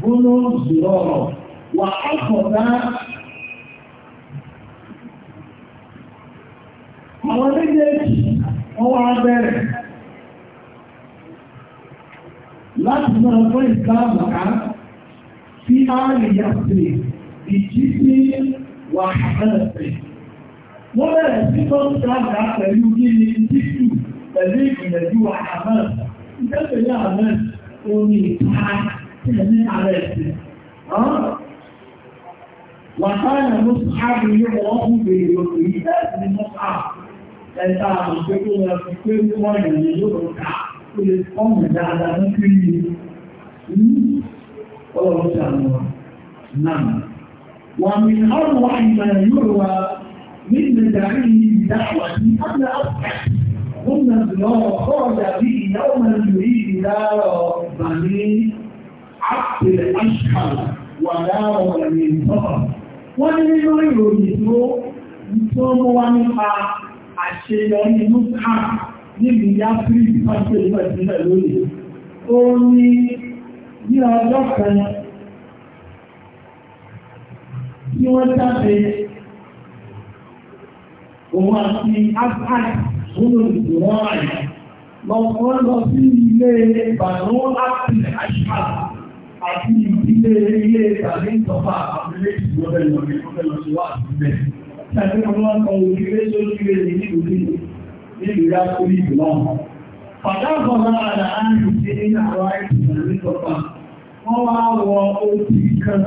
بنو زرارة وأخذ àwọn méjèèjì wọ́n wá bẹ̀rẹ̀ láti máa fún ìsáàmù ká sí àríyá sí ìjí sí wàhálà sí wọ́n bẹ̀rẹ̀ sí tó ń sáàmù pẹ̀lú kí ní títù pẹ̀lú ìgbìyànjú wàhálà ìjẹ́sẹ̀ yà mẹ́ omi ìpáà وكان مصحب يغرق بالمقيدة من مصحب لأنت عمشك وكل مرة يغرق كل القوم جعل مكري والله شاء نعم ومن أروع ما يروى من مدعيه بدعوة أصبح قلنا بالله خرج به يوما يريد دار بعدين عبد الأشهر ولا ولم ينتظر wọ́n ní nínú ìròyìn tó tó mú wá nípa àṣeyọrí inú káà níbi yáfírí ìpàṣẹ ìlú ìpínlẹ̀ lónìí ó ní ní ọjọ́ kan tí wọ́n jáde òun àti afghan nínú ìdùnnú àyà lọ́wọ́ lọ sí ilé ìbànú ápìlẹ̀ àṣìkàlà àti ìdílé ilé tàbí ìtọ́fà àbúlé ìgbọ́bẹ̀ lọ́rẹ̀ lọ́rẹ̀ lọ́rẹ̀ wà sílẹ̀. Ṣàbí ọmọ ọkọ̀ òkèlé tó lórí rẹ̀ ní ìlú nílùú ya kórí ìlú náà. Fàdáàbọ̀ lára àárín sí ní àwọn àìsàn ní tọ́fà. Wọ́n wá wọ oṣù kan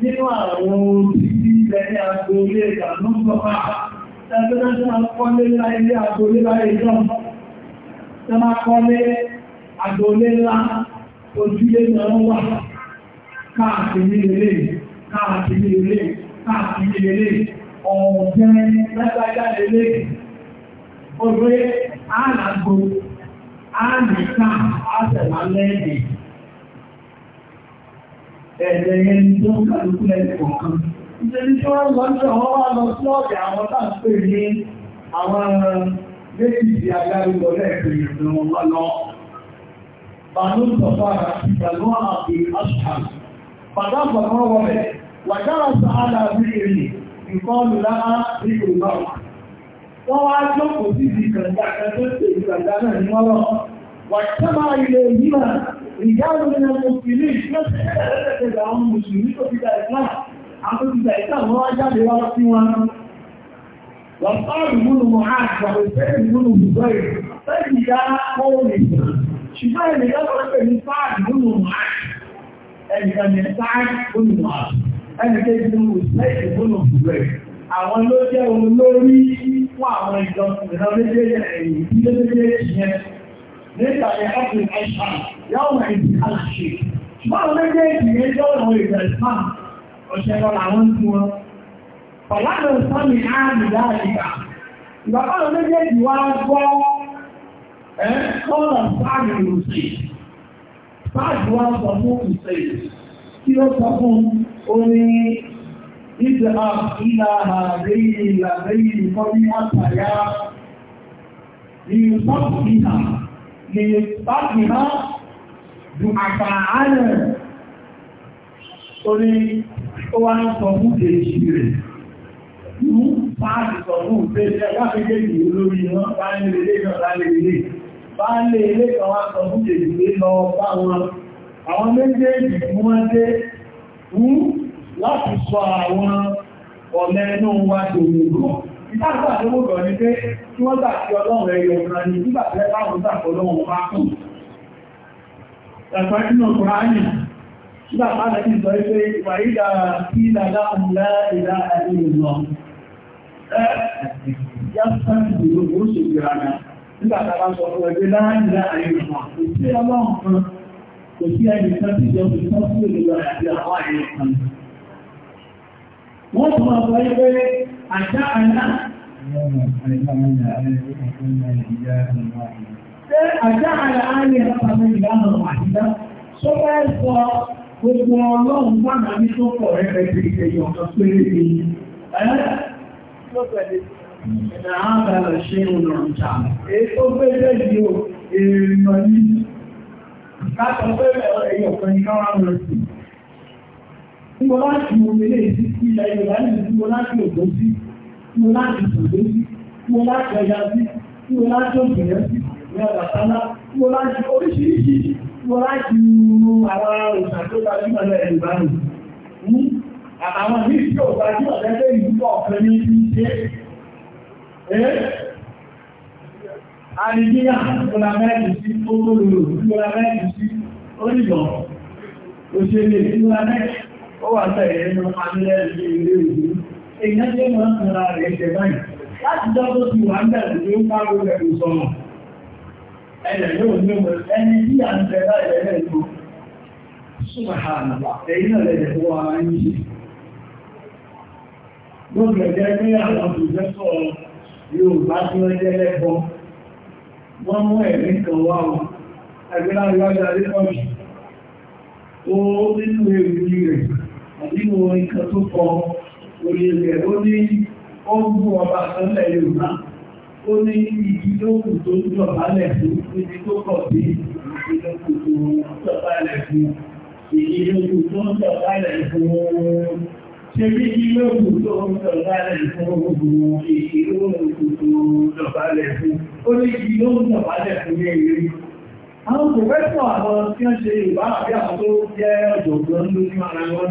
nínú àwọn oṣù tí ilẹ̀ ní agolé ìdànù tọ́fà. Ṣàbí náà kọ́lé láyé agolé láyé náà. Ṣàbí agolé láyé ojúlé máa ń wà káàkiri ilé káàkiri e káàkiri a ọ̀gbẹ́ lágbájá ilé orí àlàgbo àmìká àtẹ̀lá lẹ́yìn ẹ̀lẹ́yìn tó ń kàlùkù lẹ́yìn kọ̀ọ̀kan nítorí tí wọ́n lọ sí àwọn wá lọ sí ọ̀dẹ̀ àwọn táàpẹ̀ ní àwọn méjì بانون تفارة كالنوع في أشهر فضاف الروابع ودرس على بئر يقال لها بئر المرء ووعد لكم في كندا كندا المرء واجتمع إليهما رجال من المسلمين نفس كذا عن المسلمين في الإسلام عن الإسلام هو جاب واسطيوان وقال ابن معاذ وحسين بن زبير فإذا قوم الإسلام ṣùgbọ́n ènìyàn lọ pè ní sáàdì nínú màájì ẹnìkan ní sáàdì nínú màájì ẹnìkan ní ìsẹ́ẹ̀kì nínú ìwẹ̀ àwọn ló jẹ́ olórí fún àwọn ìjọsìn ìran méjèèjì ẹ̀yìn ìdílé méjèèjì yẹn nígbà yẹn ẹ̀kùn ẹ̀ṣà yóò wà ní àṣì ṣùgbọ́n àwọn méjèèjì yẹn jọ àwọn ìgbà ìsàn ọ̀ṣẹ́ lọ làwọn ń tún wọn pàlánà sọ́mi áàmì dáadìgbà ìgbà ẹ̀ kọ́nà sáàdì lùsì sáàdì wá sọ fún ìsẹ̀ tí ó sọ fún orí ìdè àfílà àbẹ́yìn ìlàbẹ́yìn ìfọ́bí àtàyà ni sọ́kùnìhà ni sọ́kùnìhà dùn àtàánà orí ó wá ń sọ fún èjì rẹ̀ Fáàdì sọ fún ìfẹ́ ẹgbẹ́ ìgbẹ́ ìlú lórí wọn, láàrin ilé náà láàrin ilé bá lè ilé kan wá sọ fún jèjì lọ bá wọn àwọn méjèèjì tí wọ́n dé wú láti sọ àwọn ọ̀lẹ́ inú wa dòmìnà ìtàgbà tó mú gọ̀ ní pé kí wọ́n sí ọlọ́run ẹ̀yọ̀ kan ní nígbà tí láwọn gbàgbọ́ lọ́wọ́ bá kù ẹ̀fẹ́ nínú kùránì nígbà bá lẹ́bí sọ pé ìwà ìdá kí dada ńlá ìdá ẹ̀yìn lọ ẹ̀ yá sáà ìdúró ó ṣèjìra náà nígbà tá a bá sọ fún ẹgbẹ́ láàrín láàrín ìrìnà kò sí ọlọ́run kan kò sí ẹni kan tí ìjọ fi tán sí òdòdó àti àwọn àyè kan wọ́n tún máa sọ pé àjá àná ṣé àjá àná àárín àpapọ̀ ìlànà àtijọ́ sọ fẹ́ sọ gbogbo ọlọ́run wà náà ní tó pọ̀ rẹ̀ pẹ̀lú ìṣẹ̀yọ̀ kan péré ni. Ààbàrà ṣe ìrọ̀njà. Èso pẹ́jẹ́ di o, èrìnà ní. Látọ̀ pé ẹ̀yọ̀ kan ní káwà rẹ̀ sí. Mo láti mo mele èsì sí ilẹ̀ Yorùbá ní ìlú, mo láti ògbó sí, mo láti ògbó sí, mo láti ọ̀yà sí, mo láti ògbìyàn sí, mo láti àtàlá, mo láti oríṣiríṣi, mo láti ru àwọn òṣà tó bá ní ọ̀lẹ́ Yorùbá nù. Àtàwọn ní ìṣòro àti ọ̀lẹ́dẹ́ ìlú ọ̀fẹ́ ní ti ṣe Àìjíríà ìpòlà mẹ́rin sí olóòrò ìpòlà mẹ́rin sí orílọ̀ òṣèlè ìpòlà mẹ́rin ó wà tẹ̀lẹ̀ nínú àmìlẹ̀ ilé ìlú. Èyàn jẹ́ mọ́ ìpòlà rẹ̀ ṣẹ̀ báyìí láti jọ́ tó ti wà ń ìlú. Yorùbá tí wọ́n jẹ́ lẹ́bọ. Wọ́n mú ẹ̀rí kan wá o, àgbélá ìwájú Adékọ̀jù. Ó nínú ewu rẹ̀, nínú orin kan tó kọ orin rẹ̀, ó ní ó ń gún ọba sọ́lẹ̀ Yorùbá. Ó ní ìdí tó kù tó ń dọ̀bálẹ̀ fún ibi tó kọ̀ sí ìdí tó kù tó ń dọ̀bálẹ̀ fún ìdí tó kù tó ń dọ̀bálẹ̀ fún Ṣebí kí ló kù fún ogun ìṣe ló ń fún. Ó ní kí ló fún ní eré. Àwọn pòfẹ́sọ̀ àwọn tí wọ́n ṣe ìwà àbí àwọn tó jẹ́ ọ̀jọ̀gbọ́n lórí ara wọ́n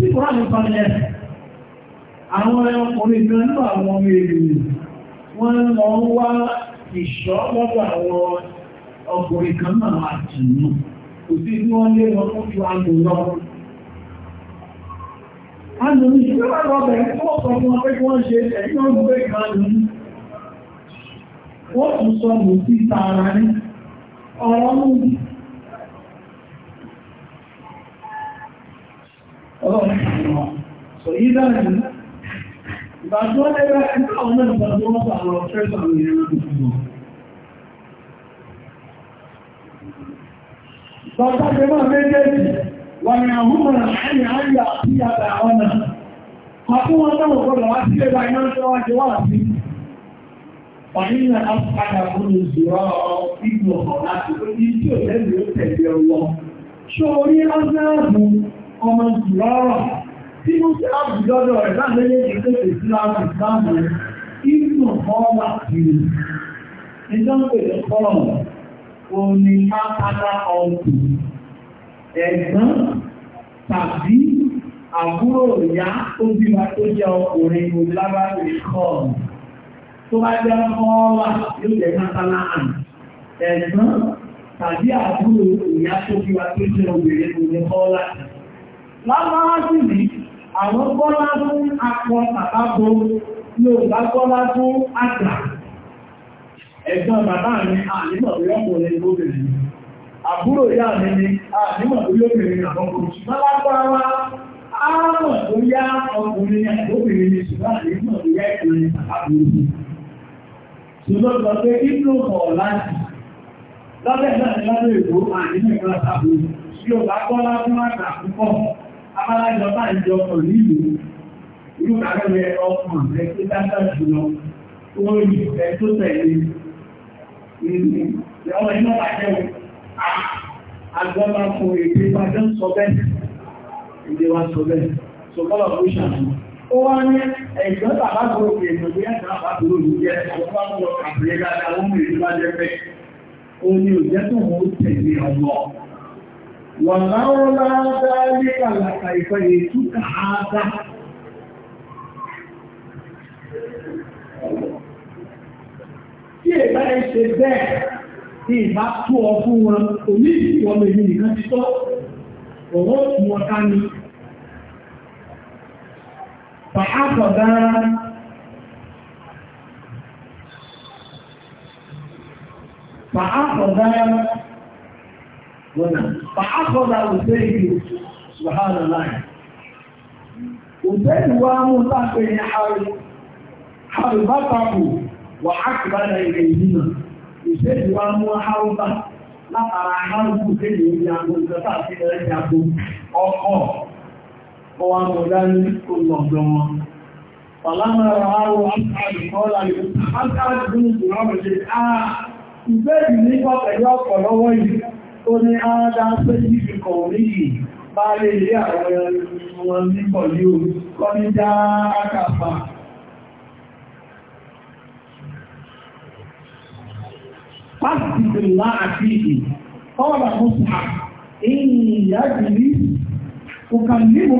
tí kò ráàmù pàlẹ̀ àwọn ọkùnrin kan náà àwọn ọmọ ènìyàn wọ́n lọ wá ìṣọ́ lọ́dọ̀ àwọn ọkùnrin kan náà àtìmú kò sí tí wọ́n lé wọn fún ju àgbò lọ wọ́n tún sọ mú sí tààrà ní ọ̀rọ̀ mú ọlọ́run ti mọ̀ sọ yí dára ní ìbájọ́ ẹgbẹ́ ẹgbẹ́ àwọn mẹ́rin ìbájọ́ wọ́n sọ àwọn ọ̀fẹ́sọ̀ àwọn ìrìnà tuntun Bàbá Jẹmọ́ méjèèjì wà ní àwọn ọmọ ẹni àyà sí àgbà àwọn náà. Àkún wọn náà gbọ́dọ̀ wá sí ẹgbà iná tó wá jẹ wà sí. Fàyínà àpàdà fún ìṣòro ìgbò ọ̀nà àti orí tí ọmọ ìlọ́rọ̀ tí ó ti láti lọ́dọ̀ rẹ̀ láàrín ìgbésẹ̀ ìsìláàmù ìsìláàmù ìlú ọmọ ìlú ìjọ́pẹ̀lẹ̀ fọ́ọ̀mù omi pátádá ọkù ẹ̀gbọ́n tàbí àbúrò ìyá tó bí wa tó jẹ́ ọkùnrin olábàbí kọ́ọ̀mù tó bá jẹ́ fọ́ọ̀mà yóò jẹ́ pátádá àmì ẹ̀gbọ́n tàbí àbúrò ìyá tó bí wa tó jẹ́ obìnrin olábàbí kọ́ọ̀mù lábáwájú ní àwọn bọ́lá fún akọ tàbábo Yorùbá bọ́lá fún àgbà ẹ̀gbọ́n bàbá mi ànímọ̀ bí ọmọ rẹ̀ lóbìnrin àbúrò ìyá mi ni ànímọ̀ bí lóbìnrin àkọkùnrin ṣùgbọ́n lágbára àmọ̀ tó yá ọkùnrin àgbóbìnrin ni ṣùgbọ́n ànímọ̀ tó yá ìkùnrin àbúrò ṣùgbọ́n sọ pé ìlú kọ̀ láti lọ́bẹ̀ náà ni lọ́dọ̀ èkó ànímọ̀ ìkọ́lá sábò Yorùbá bọ́lá fún àgbà púpọ̀ abálájọ bá ń jọ pọ̀ nílò irú kàkẹ́lẹ̀ ọkàn rẹ̀ tó dáadáa jùlọ tó rí ẹ tó tẹ̀lé ọmọ iná bàjẹ́ agbọ́nà fún èdè bàjẹ́ sọ bẹ́ẹ̀ èdè wa sọ bẹ́ẹ̀ sọ bọ́lá fún ìṣàtúnṣe ó wá ní ẹ̀jọ́ bàbá gbòòrò èèyàn bí ẹ̀jọ́ bàbá gbòòrò ló jẹ́ ọ̀pọ̀ bá gbòòrò kàbíyé dáadáa ó mú èdè bá jẹ́ bẹ́ẹ̀ ó ní òjẹ́ tó mú tẹ̀lé ọmọ wàláwọ́lá dáríkà làkàìfẹ́ ìtúkà àádá tí èbá ẹ̀ṣẹ̀ bẹ́ẹ̀ tí ìbá tó ọ fún wọn òní ìwọ̀n èyí nìkan ti tọ́ ọ̀wọ́ mọ̀ ká ní pàápọ̀dá fàákọ́dà òṣèlú ṣùgbọ́n láì òṣèlú wa mú sáfẹ́ ní àrùbátàkù ụzọ ákùbára ilẹ̀ ìdínà òṣèlú wa mú àrùbá látara àrùbù tẹ́lẹ̀ orí agbóǹtọ́ta sí ẹ̀rẹ́ àgbó ọkọ̀ ọwà mọ̀dá ní olùgbọ̀n wọn Fàlámà àwọ̀ àkàrùkọ́lá ní ọjọ́ ìgbẹ̀rẹ̀ ní ó ní àádá pé nífi kọ̀ oríyì bá lè rí àwọn wọn nípọ̀ ní orí kọ́ ní dáákàfà pásítì láàáfí ọ̀rọ̀ àkóṣà èyí ìyájìlí òkàn nímò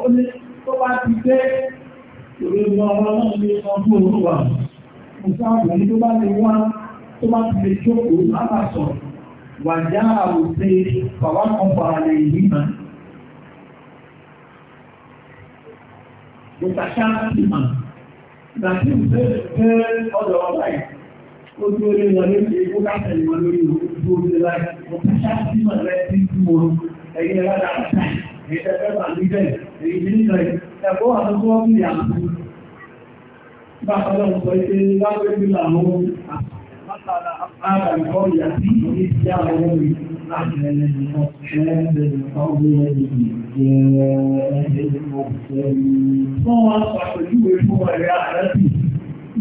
ó ní tó bá ti dé ìrìnà ọ̀rọ̀ náà ní ọdún olúwa ìsáàbò ní tó bá lè wá tó bá ti lè jókòó lábàsọ̀rọ̀ wàjá àwòsí bàbá kan fara lè yìí mà. Mùsàkà ti mà. Nàbí ìfẹ́ fẹ́ ọ̀dọ̀ ọ̀la yìí. Ó dúró lé wọn lórí ikú káfẹ́ ìmọ̀ lórí ìlú tó lé láyé. Mùsàkà ti mà lẹ́sí tí mo rò. Ẹ̀yin ẹ̀rọ dà bàtà. Ẹ̀yin ẹ̀fẹ́ bà ní bẹ́ẹ̀. Èyí ti nílò ẹ̀. Ẹ̀kọ́ wà tó tọ́ bí àbú. Bàbá lọ́wọ́ sọ pé láwé bí làwọn àbú. على القرية يدعون أهل الحسان القرية جاء المرسلين صوت حجوه ورعاته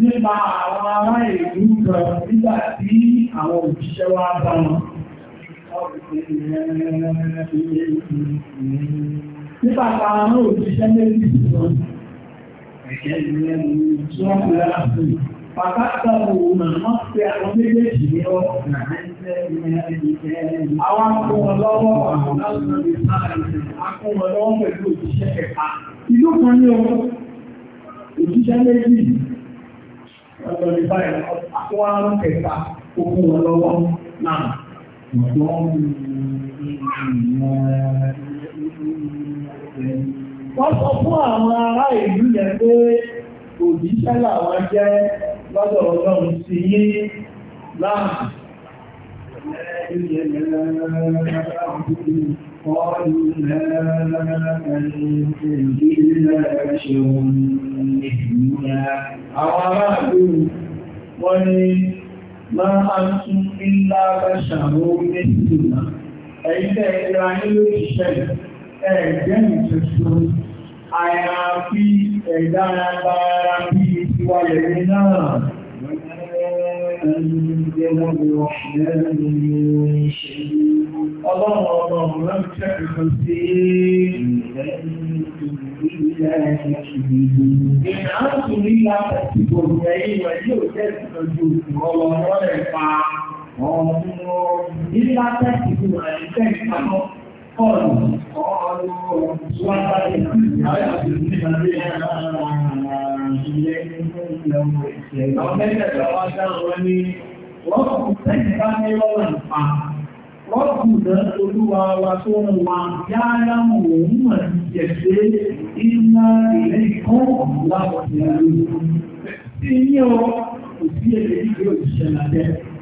nípa àwọn ará ìlú kan nígbà tí àwọn òṣìṣẹ́ wá bá wọn. Nípa àwọn òṣìṣẹ́ méjì sọ, ẹ̀kẹ́ ìrìnlẹ́nu tí wọ́n kúrẹ́ àfihàn. Pàtàkì ọmọ wọn fi àwọn méjèèjì ní ọ̀nà àwọn akọ̀wọ̀n lọ́wọ́ àwọn akọ̀wọ̀n lọ́wọ́ pẹ̀lú òjíṣẹ́ ẹ̀ka. Ìlú kan ní ọmọ òjíṣẹ́ méjì ọ̀dọ̀lẹ̀ báyìí àwọn arún kẹta okùn wọn lọ́wọ́ náà. Wọ́n sọ fún àwọn ará ìlú yẹn pé òjíṣẹ́ làwọn jẹ́ lọ́dọ̀ ọlọ́run ti yí láàrín قالوا لا أنتم إلا بشر مثلنا أرادوا ولي ما أنتم إلا بشر مثلنا أي تأتي عن الشيء أجل تشكر àyàfi ẹ̀dá bára bí tiwa lẹ́yìn náà. Ọlọ́run ọmọ ọ̀rọ̀ ń tẹ́kọ̀ọ́ sí ìrìnàtò nílá ìbò ìrìn ìwẹ̀ yóò jẹ́ ìtọ́jú ọlọ́run rẹ̀ pa ọmọ nílá tẹ́kọ̀ọ́ àti tẹ́kọ̀ọ́ قالوا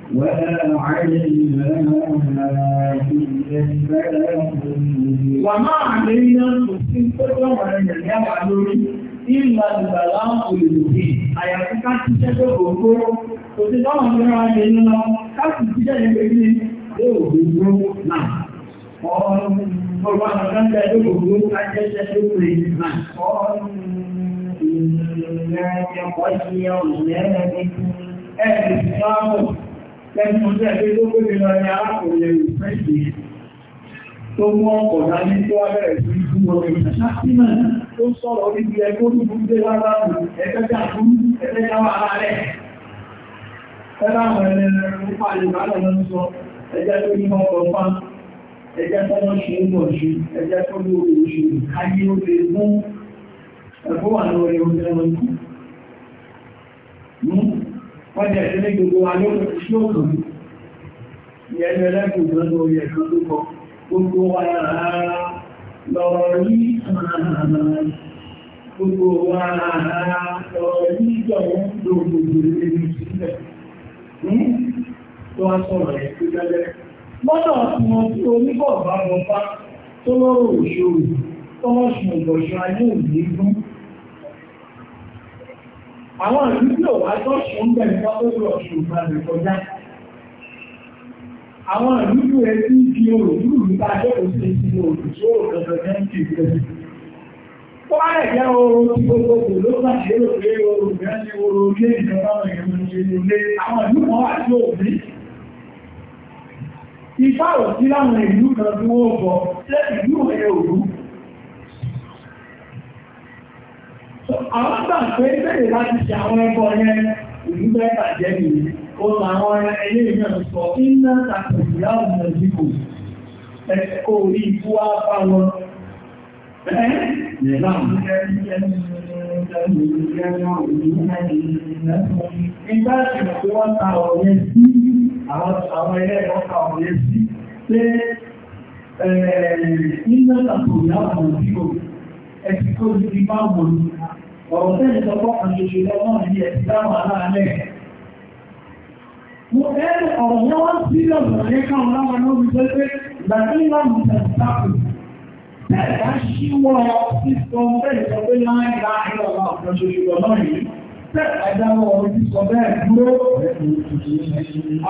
Wà máa àmì iná tó sí tó lọ́wọ́ rẹ̀ yàwà lórí ìlà ìgbàlá òlùdí àyàfi ká ti ṣẹ́gbẹ́ ògbó. Kò sí lọ́wọ́ mẹ́ra ayé nínú káàkì tí jẹ́ ẹgbẹ́ ní ilé ògbó náà. Ọ̀rọ̀ àgbàgbà ẹgbẹ́ ògbó ajẹ́ṣẹ́ tó pè náà. Ọ̀rọ̀ ìrìnlẹ́ ẹ̀kọ́ lẹ́nu ẹgbẹ́ tó gbé lọ ní arákùnrin ìfẹ́ǹdì tó mú ọkọ̀ dání tó abẹ́rẹ̀ sí ikú ọdún ṣáṣímọ̀ tó sọ̀rọ̀ níbi ẹgbẹ́ tó bú dé lábáàmù ẹgbẹ́gbẹ́ àbúrú ẹgbẹ́gbẹ́ àwọn ará rẹ̀ ẹgbẹ́ àwọn ẹlẹ́rẹ̀ ń pàlè wọ́n jẹ́ ìṣẹ́lẹ̀ gbogbo wa lókùn sí òkùn ìyẹnu ẹlẹ́kùn lọ́nà orí ẹ̀kan tó kọ gbogbo wa lọ́rọ̀ rí gbogbo wa lọ́rọ̀ rí ìjọ̀wọ́n gbogbo ìrìn sílẹ̀ hmm? tó wá sọ̀rọ̀ ẹ̀ tó jẹ́lẹ̀ mọ́tọ̀ tí wọ́n tí oníbọ̀ bá wọn bá tó lọ́rọ̀ òṣòro tọ́wọ́sùn ìgbọ̀ṣọ́ ayé òní gún àwọn ìlú tí ò wá tó ṣùn bẹ̀rẹ̀ pápẹ́lú ọ̀ṣun ìgbàlẹ̀ kọjá àwọn ìlú tí ẹ ti fi òòrùn ìlú bá jẹ́ òsì ti òòrùn tí ó rọ̀dọ̀ jẹ́ ń fi ìgbẹ̀rẹ̀ tó wá rẹ̀ jẹ́ oorun tí gbogbogbò ló bá ṣe rò pé oorun rẹ̀ ní oorun ilé ìjọba ìrìn ilé àwọn ìlú kan wà tí ò ní ìfá òsí láwọn ìlú kan tí wọ́n bọ̀ lẹ́yìn ìlú ẹ̀ òòrùn Àwọn àgbà pé bẹ̀rẹ̀ láti ṣe àwọn ẹbọ yẹn ìlú bẹ́ẹ̀ bàjẹ́ nìyí. Ó làwọn ẹlé ìrìnà sọ, iná tàbí ìyá ọ̀nà ìdìbò ẹ̀kọ́ orí ikú wá bá wọn. Bẹ́ẹ̀ ni láàmú ẹni ẹni Ìgbà tí wọ́n ta ọ̀rẹ́ sí àwọn ẹlẹ́ ọ̀ta ọ̀rẹ́ sí pé ẹ̀ẹ̀ẹ̀ ẹ̀sìn tó ti di máa wò ní ọ̀rọ̀ tẹ́lẹ̀ tọ́pọ̀ kan ṣoṣo lọ́wọ́ ní ẹ̀sìn dáhùn aláàlẹ́ mo ẹ́ ọ̀rọ̀ wọn wá sí ọ̀rọ̀ yẹn káwọn láwọn náà fi pé pé ìgbàgbé náà mú tẹ̀sí sáàpù bẹ́ẹ̀ bá ṣíwọ́ sísọ bẹ́ẹ̀ sọ pé láwọn ìlà ìlọ ọ̀rọ̀ kan ṣoṣo lọ́wọ́ yìí bẹ́ẹ̀ àdáwọ̀ ọ̀rọ̀ sísọ bẹ́ẹ̀ dúró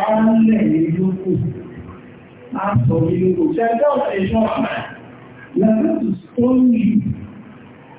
àwọn ilẹ̀ yìí ló kù láàpọ̀ yìí ló kù ṣẹ́jọ́ ìṣọ́ àmà lẹ́gbẹ̀ẹ́ tó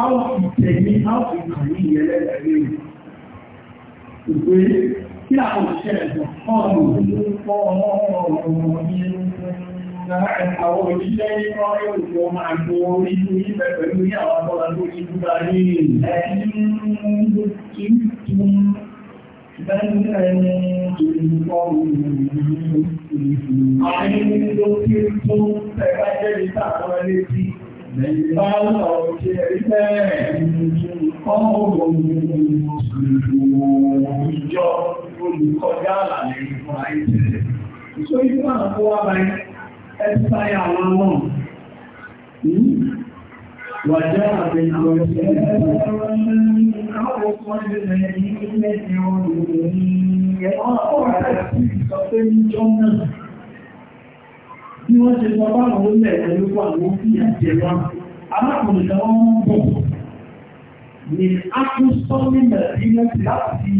a ó fi tẹ̀lé a ó fi kàn ní ìyẹlẹ́ ìrẹ́ rẹ̀ ìpé kí àwọn òṣìṣẹ́ ẹ̀sọ̀ ọ̀rọ̀ àwọn òṣìṣẹ́ ikọ́ yóò tí ó máa gbọ́ orí ìpẹ̀ pẹ̀lú ní àwọn ọmọ ọdún ìgbúgbà ní ẹ̀yìn بل أنتم قوم مسلمون أعلم ذكرتم فأجل تعرفتم Ìjọ olùkọjá àlàyé fún àìsẹ̀lẹ̀. Ìṣòrí fún àwọn kó wá báyìí, ẹ̀sáyà àwọn náà. وجاء من أولئك tí wọ́n ṣe sọ bá àwọn olè ẹ̀lú fún àwọn fi àjẹ́ wọn alákùnrin kan wọ́n ń bọ̀ ní akúsọ́mí nàìjíríà ti láti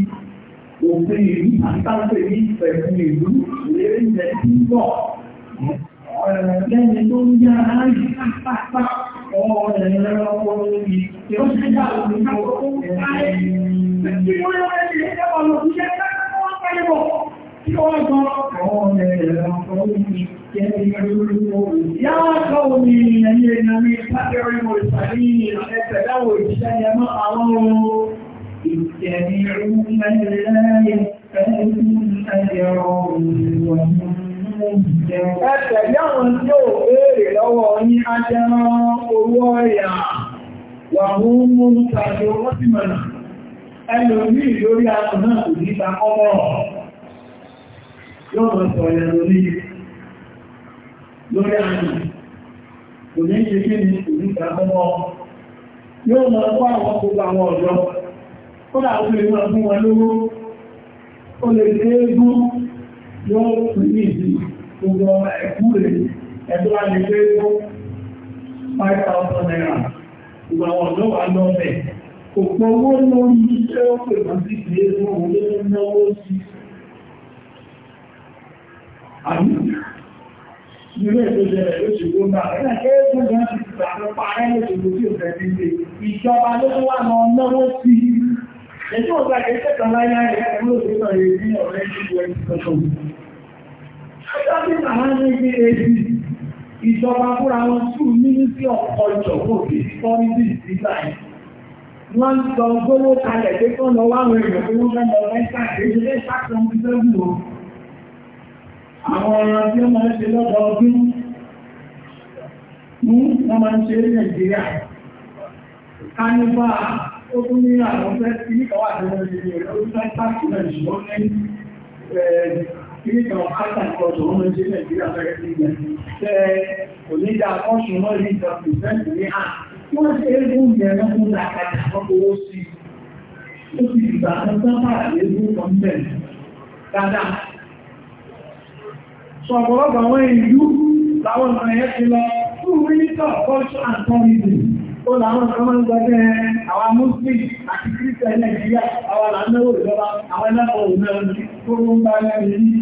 òfin ìlú àtàkùn ní ìfẹ̀kùn ìlú lérí tí ń bọ̀ lẹ́yìn tó ń yá aláìsí pápá ọ̀rọ̀ ẹ̀rọ ọmọ orí tí ó wọ́n tán àwọn ọmọ ẹ̀rẹ̀ àwọn ọmọ ìyá ọkọ̀ omi ẹ̀yẹ ìrìnàmí pàtẹ́rì mọ̀ ìsàrí ẹ̀fẹ̀dáwò ẹlòmí lórí àwọn kò ní ta ọmọ ọ̀rọ̀ yóò mọ̀ sọ àwọn gbogbo àwọn ọ̀dọ́ ó dàbí lè fún wọn lówó ó lè dé égún yóò pè ní ìdí gbogbo ẹ̀kú rẹ̀ ẹ̀dọ́ àmì pé ó 5,000 naira gbogbo àwọn ọ̀dọ́ kò pọ̀ àmì ilé ìjọba ló wà lọ náwó sí ẹjọ́ ọ̀gá kẹsẹ̀ kan láyé ẹ̀rẹ́ ọ̀rẹ́ ní ọ̀rẹ́ ìlú ẹni tuntun ọjọ́ bí màá ní ilé ebi ìjọba òkè fọ́nìdì ìgbà yìí wọ́n ń sọ gbówó kalẹ̀ pé kọ́ lọ wáwọn èèyàn tó wọ́n fẹ́ lọ mẹ́ta èyí lẹ́sàkọ́ àwọn ọ̀rọ̀ tí wọ́n ṣe lọ́dọ̀ ọdún ní Nàìjíríà àwọn wọ́n ṣe ní Wọ́n ṣe égún ìrẹ́rẹ́ sí. Ó ti ìgbà ọmọ So ọ̀pọ̀lọpọ̀ àwọn ìlú láwọn ọ̀nà ẹ̀ ti lọ fún Minister of Culture and Tourism. Ó láwọn ọ̀nà máa ń gbọ́gbẹ́ àwọn Muslim àti Christian Nigeria, àwọn làánẹ́wò ìjọba, àwọn ẹlẹ́pọ̀ òun náà tó ń bá lẹ́rin ní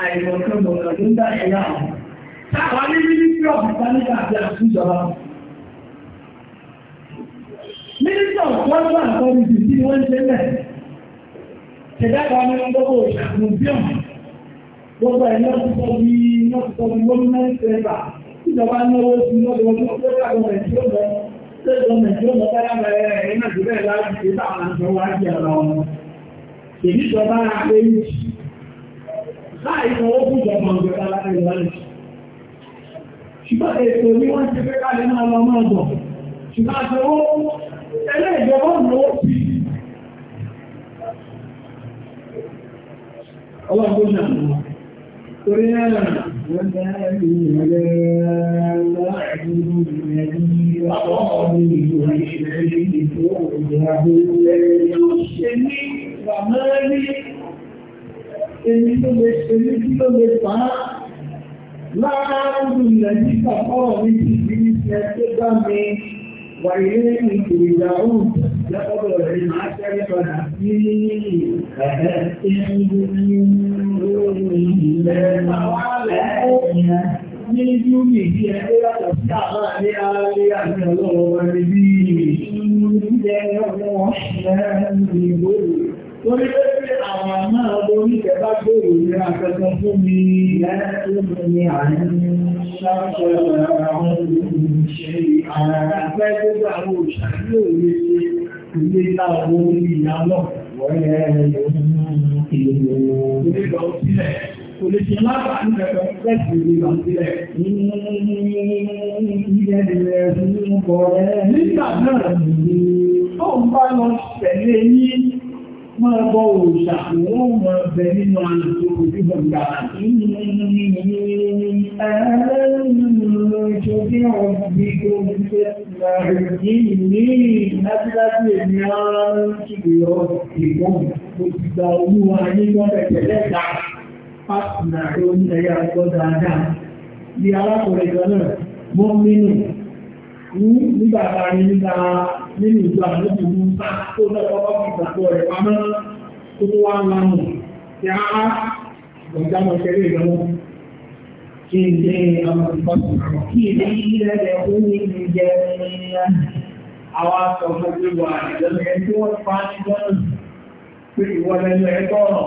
àìmọ̀kẹ́mọ̀kẹ́ tó ń dá ẹ̀yà àwọn. Táwọn ní Ministry of Botanical àti àtúnjọba. Minister of Culture and Tourism tí wọ́n ń ṣe mẹ́. Ṣèdágbà ni wọ́n gbọ́gbọ́ òṣèlú bí ọ̀hún gbogbo ẹ̀ náà bí náà ti bí gómìnà sẹ́ńtà ìjọba ìjọba ọ̀gbẹ̀ta láti ìwà lẹ̀ ṣùgbọ́n ètò ni wọ́n ti fẹ́ kálẹ̀ náà lọ máa bọ̀ ṣùgbọ́n àti owó ẹlẹ́ẹ̀jọba ló fi ọlọ́gbọ́n náà torí náà wọ́n dárí rẹ̀ láàrin ìrìn àwọn ọmọ ìlú ìṣẹ́lẹ̀ ìlú ìyàwó rẹ̀ yóò ṣe ní ìgbàmọ́rí èyí tó lè ṣe ní kí ló lè fà á láàrin ilẹ̀ ní kàkọ́rọ̀ ní ti bí i ṣe tó dá mi wà ilé ìlú ìyàwó lẹ́kọ̀ọ́ rẹ̀ máa tẹ́lẹ̀ padà sí ẹ̀ẹ́ ní yúmi bí ẹgbẹ́ yàtọ̀ sí àwọn àmì ààrẹ àti ọlọ́wọ́ rẹ̀ bí ilẹ̀ wọn ìgbò torí pé àwọn àmà orí ẹ̀bá gbòrò ní àkẹ́kọ̀ọ́ fún mi lẹ́ẹ̀kọ́ ní àárín ṣáṣọ́ àwọn olùṣẹ́ àgbẹ́ gbogbo àwọn òṣàlẹ́ òwe ṣe ilé láwọn orí ìyá náà wọ́n yẹ ẹ̀rọ ìlú orílọ̀ sílẹ̀ kò lè ṣe lábàánú ẹ̀kọ́ fẹ́ẹ̀sì ìlera sílẹ̀. Nígbà náà ni ó ń bá lọ tẹ̀lé yín máa bọ òòṣà wọ́n mọ ọbẹ̀ nínú àlọ́ tó kò sí gbọ̀ngà. Ṣòfin ọ̀bí kò ń fẹ́ yìí ní látíláti èmi ara ń kíkì ọ́ ìgbọ́n mo ti gba olúwa nínú ọ̀bẹ̀ tẹ̀lé ìdáhùn pàtàkì àti oníṣẹ́yà ọjọ́ dáadáa bí alákùnrin kan náà mọ́ nínú nígbà tààrí nígbà nínú ìjọ àlejò mú sá tó lọ́pọ̀ ìgbàgbọ́ rẹ̀ pamọ́ tó tó wá lánà tí a á gbọ̀já mọ̀ ṣẹlẹ̀ ìdánwò kí n jẹ́ ọmọ ìfọ́sùn kí ilé ilé rẹ̀ ó ní ìjẹ́ àwọn aṣọ gbogbo àìjọ́ ẹni tí wọ́n fa ní gbọ́nà pé ìwọ́lẹ́nu ẹ̀kọ́ ọ̀rọ̀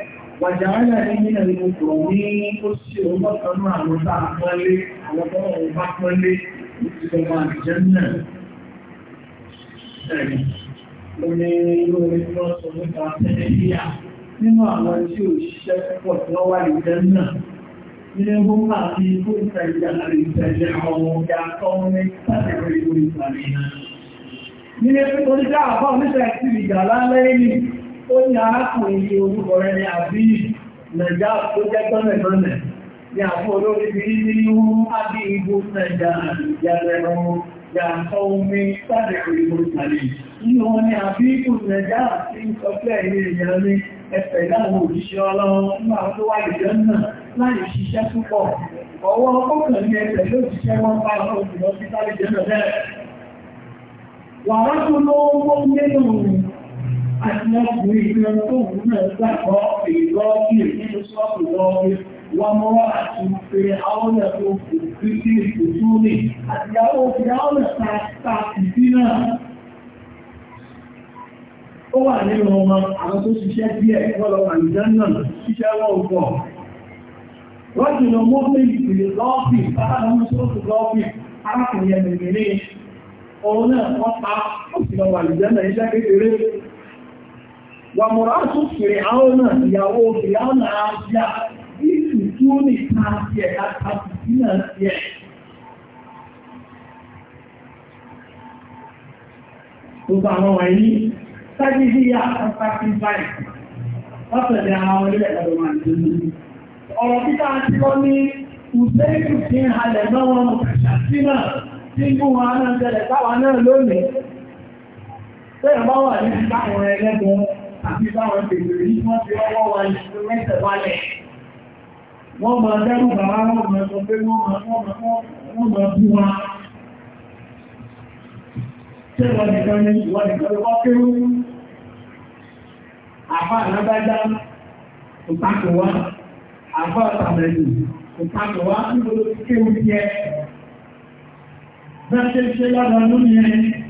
wàjàmẹ́lá ní nínú ìlúkò ní ó sí ọmọ́kanú àwọn bá pọ́lé àwọn ọmọ bá pọ́lé ìsìnkọmọ àjẹ́ náà ẹ̀rìn lórí lórí lọ́sọ̀ nípa tẹ́lẹ̀lẹ́yà nínú àwọn tí ó ṣiṣẹ́ pọ̀ tí wọ́n wà ní jẹ́ náà nínú gbogbo àti ikú ìtẹ̀lẹ̀ àti ìtẹ̀lẹ̀ ọmọ ọ̀gá tọ́wọ́ ní sáàtẹ̀lẹ̀ orí ìpàdé náà nínú oníṣẹ́ àbọ̀ oníṣẹ́ ìtìlì ó ní arákùnrin yí orúkọ rẹ̀ ní àbí nàìjá tó jẹ́ tọ́nà tọ́nà ní àpò olórí bí i ní ohun ábí igbó nàìjá yàtẹ̀rọ yàtọ̀ omi sáàdẹ̀ ìgbò ìtàlẹ̀ inú wọn ni àbí igbó nàìjá tí ń sọ pé ilé ìyẹn ní ẹ̀fẹ̀ láwọn òṣìṣẹ́ ọlọ́run nígbà tó wà ìjọ náà láì ṣiṣẹ́ púpọ̀ ọwọ́ ọkọ̀ọ̀kan ní Àtìmọ́kùnrin ìpínlẹ̀ tó wùn náà gbàkọ́ ìrọ́bí nínú sọ́ọ̀tù lọ́wọ́ wọn mọ́ àti ìpínlẹ̀ àwọn ẹ̀kọ́ òkúrítí ìtòjú ní àtìyàwó òkúrítí àwọn ẹ̀ta ìdí náà. Ó wà nínú ọmọ àwọn tó ṣiṣẹ́ díẹ̀ lọ́lọ́ àìjánà ṣiṣẹ́ wọ́n pọ̀. Wọ́n jùlọ mọ́ pé ìpínlẹ̀ lọ́ọ̀fì bàbá àwọn sọ́ọ̀tù lọ́ọ̀fì arákùnrin ẹ̀mẹ̀mẹ̀rẹ̀ òun náà wọ́n pa ó sì lọ wà ìjánà iṣẹ́ kékeré wàmùrá tún fèrè àwọn náà ìyàwó fèrè àwọn náà yá ìlú tí ó lè ta tiẹ̀ àti sí náà tiẹ̀. Gbogbo àwọn wọ̀nyí sáájú sí yá pàtàkì báyìí látọ̀dẹ̀ àwọn orílẹ̀ ẹ̀dọ̀ máa ti ní. Ọ̀rọ̀ títà àti báwọn tèèrè rí wọ́n ti ọwọ́ wa ìṣẹ́lẹ́sẹ̀ wálẹ̀. Wọ́n máa dẹ́rù bàbá wọ́n máa sọ pé wọ́n máa bú wa. Ṣé wọ́n nìkan ní ìwọ́n nìkan lọ́wọ́ kéwú? Àfá àlágbájá kò àfá àtàmẹ̀lú kò tákò wá nígbòdó kéwú jẹ́. Bẹ́ẹ̀ ṣe ṣe lára lónìí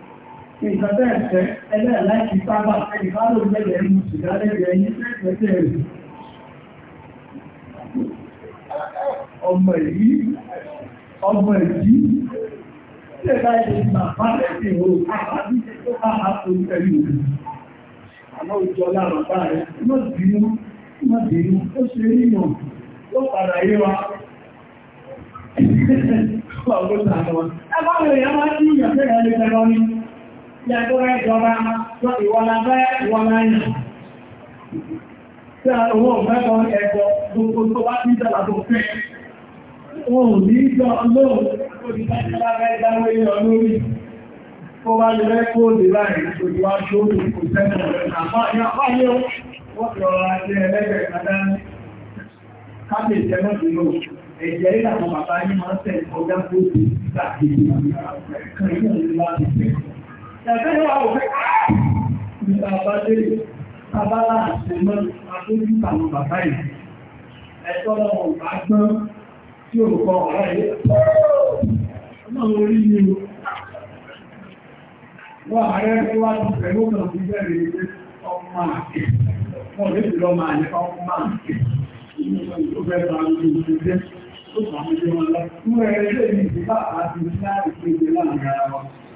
nǹkan bẹ́ẹ̀ fẹ́ ẹlẹ́ẹ̀ láìsí ló gbẹ̀lẹ̀ ẹnu ìdálẹ́gbẹ̀ẹ́ yín lẹ́gbẹ̀ẹ́ rẹ̀. ọmọ èyí ọmọ èyí tẹ́ láìsí bàbá ẹ̀sìn o àbábí tó bá a tó tẹ̀lé rẹ̀. àmọ́ ìjọ lára bá rẹ̀ má bínú má bínú ó ṣe níyàn ló padà yé wa. Ọgbọ́n sàánú wa. Ẹ bá wọ̀nyí a máa ń yíyàn fẹ́ràn ẹni tẹ́lọ́ ní tí a tó rẹ̀ ìjọba ìwọ̀lábẹ́ ìwọ̀láyìn tí a owó mẹ́kọ̀ ẹ̀kọ́ gbogbo tó wá ní ìjọba tó fẹ́ ohun ní ìjọ ọlọ́run tó ti bá ti lábẹ́ ìdáwó ilé ọlórí tó bá lè rẹ́kó lè láì òjúwá tó lè kò sẹ́kọ̀ọ́ Ẹ̀jẹ̀ ìlànà bàbá yí máa ń tẹ̀ ọjá tó ti gbà kìí àwọn ẹ̀kan ilé ìlú láti tẹ̀kọ̀ọ́. Ẹ̀fẹ́ yóò wà wò pé ìgbà ah! àbájé abálà àṣẹmọ́ àtúntà ní bàbá yìí. Ẹ̀tọ́ lọ ọ̀gá gbọ́n tí olùkọ́ ọ̀rá yìí. Ọmọ orí ni o. Wọ́n ààrẹ tí wá ti pẹ̀lú kan fi bẹ̀rẹ̀ ilé ọmọ àti. Wọ́n lè fi lọ́mọ àní ọmọ àti. Ó fẹ́ bá mi ní ìṣẹ́jẹ́. Ó bá mi jẹ́ wọn lọ. Mú ẹ̀rẹ́ lè ní ìdíbà àti ìṣẹ́ àti ìṣẹ́jẹ́ láàárín ara wọn.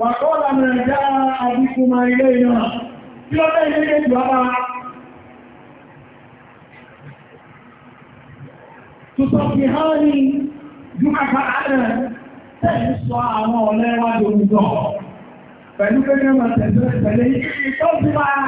wàkọ́lá mẹ́rin já àdíkùnmà ilé ìyàn tí ó tẹ́ ilé ìjọ bá tuntun fi hàn ní jùmọ̀ká ààrẹ tẹ́lẹ̀ sọ àwọn ọ̀lẹ́wà jòmùjọ pẹ̀lú pẹ́lú mọ̀ tẹ̀lẹ̀ tẹ̀lẹ̀ ìtọ́jú máa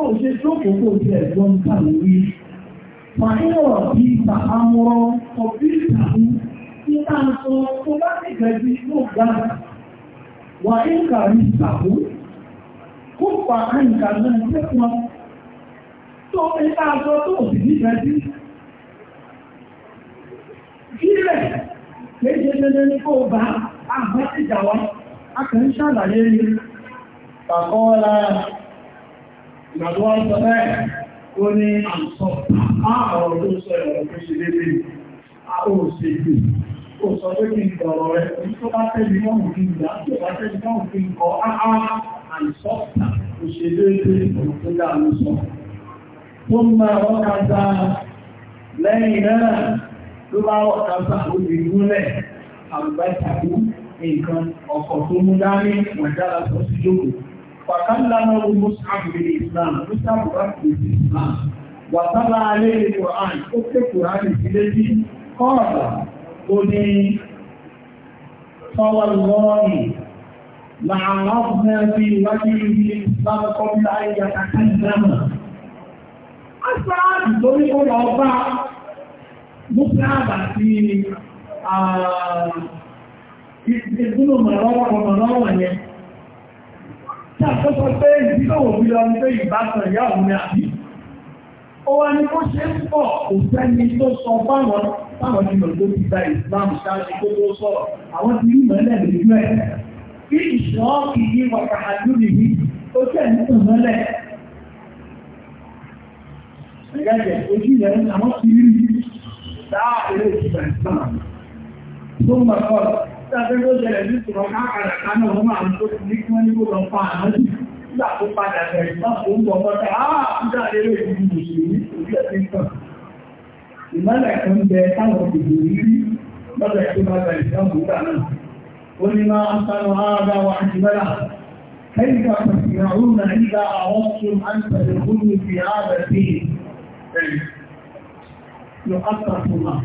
ó ṣe jókòó kó jẹ ẹ̀gbọ́n nípa lórí. Fàáyọ̀ bí ìgbà amọ̀rọ̀ ọ̀bí ìtàkùn tí bá ń sọ tó bá sì gẹ̀ẹ́bí yóò gbà. Wà ń kàrí ìtàkùn kó pa àǹkà náà lẹ́kọ̀ọ́. Tó ń bá aṣọ tó sì ní gẹ̀ẹ́bí. Kílẹ̀ léṣe dandan ní kó bá àbá ìjà wa, a kàn ń ṣàlàyé ni. Bàkọ́ la ìgbàtọ́ wọ́n sọ bẹ́ẹ̀ ó ní àǹsọ́ àwọn tó sọ ẹ̀rọ tó ṣe lébe ó ṣe jù ó sọ pé kí n dọ̀rọ̀ rẹ̀ ní tó bá tẹ́lì mọ́mù kí n gbà tó bá tẹ́lì mọ́mù kí n kọ́ áhá àǹsọ́ tó ṣe lébe nǹkan ọkọ̀ tó mú dání wọ̀n dára sọ sí jókòó فكلم المصحف بالإسلام مصحف رفض الإسلام وطلع عليه القرآن قلت القرآن الذي قال قل فوالله لعرضنا في وجهه الإسلام قبل أن يتكلم أسعد طريق الأربع مصحف في آه. ìgbìnà mọ̀lọ́wọ̀ mọ̀lọ́wọ̀ yẹn tí a tọ́sọ pé ìdílòwò bí lọ ní pé ìbátan ìyá òun ni àbí ó wá ní kó ṣe ń pọ̀ kò sẹ́ni tó sọ fáwọn fáwọn nínú tó ti gba ìsìláàmù ṣáájú tó tó sọ̀rọ̀ àwọn ti rí mọ́lẹ̀ lójú ẹ̀ kí ìṣọ́ ìyí wàkà àdúrà yìí ó tẹ̀ ń tàn mọ́lẹ̀ ẹ̀gẹ́gẹ́ ojú ilẹ̀ àwọn ti rí dáa eré ìsìláàmù tó ń kọ́ Tàbí ló jẹ́lẹ̀ ní ṣùgbọ́n káàkàrà kánà wọ́n máa ń tó ní kí wọ́n ní kó lọ fà náà jù. Nígbà tó padà bẹ̀rẹ̀ bá fún bọ̀ mọ́ta, "Ah, ń dá lérò ìdíjú òṣèlú orí ẹ̀sìn kan." Ìmọ́lẹ̀ kan bẹ táwọn òbí rí lọ́dọ̀ tó bá bẹ̀rẹ̀ sí ọmọ ìgbà náà. Ó ní máa ń sánú ara wa àti mẹ́lá. كيف تسمعون إذا أردتم أن تدخلوا في هذا الدين؟ يؤثر الله.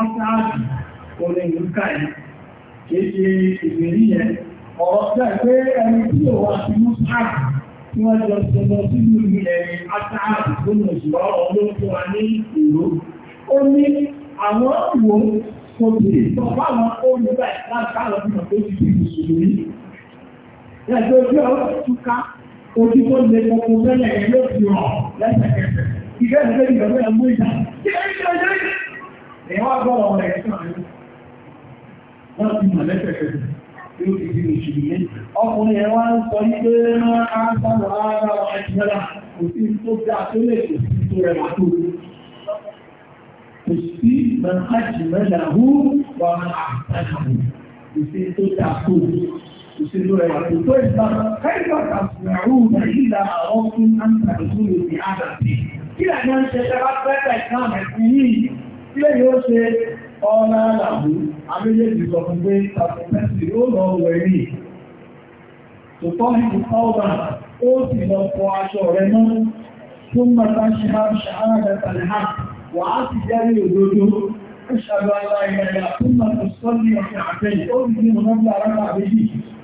أسعد olè ìlú káyẹ ìgbèrí yẹn ọ̀rọ̀ jẹ́ pé ẹni tí ó wà sí mọ́sáàkì tí wọ́n jọ sọmọ sí ìlú ẹni átáàkì tó lọ ṣùgbọ́n ọlọ́run tó wà ní ìlú ó ní àwọn ìwò kò tí sọ fáwọn olùgbà látàwọn ìmọ̀ tó ti fi mùsùlùmí ẹgbẹ́ ojú ọ̀rọ̀ túká ojú tó lè kọkọ fẹ́lẹ̀ ẹ̀ ló fi hàn lẹ́sẹ̀kẹsẹ̀ ìgbẹ́ ìgbẹ́ ìgbẹ́ ìgbẹ́ ìgbẹ́ ìgbẹ́ ìgbẹ́ ìgbẹ́ ìgbẹ́ ìgbẹ́ wọ́n ti mọ̀ lẹ́sẹ̀kẹsẹ̀ tí ó ti di òṣèlú ọkùnrin ẹ̀ wá ń sọ ilé náà á ń sọ̀rọ̀ ara ẹ̀jẹ̀ra kò sí tó dá tó lè kò sí tó rẹ̀ wà tó kò sí mẹ́hàjì mẹ́là hú wà àtàkùn kò sí tó dá tó kò sí tó rẹ̀ wà tó tó ìgbà kẹ́kọ̀ọ́ àtàkùnrù nàìjíríà àwọn fún àǹtàkùn lòdì àdàbí kí làjọ ń ṣe tẹ́lá pẹ́ẹ́tẹ̀ náà ẹ̀sìn yìí kí lè yóò ṣe ọ̀nà àlàbù amílẹ́jì sọ fún pé pàtàkì ó lọ wẹ̀ rí tòtọ́ ìlú pàwọ́bà ó sì lọ fọ aṣọ rẹ̀ mọ́ tó mọ́ta ṣe bá ṣàárẹ̀ tàlẹ̀há wà á sì jẹ́rí òdodo ó ṣàlọ́ aláìlẹ́yà tó mọ́ta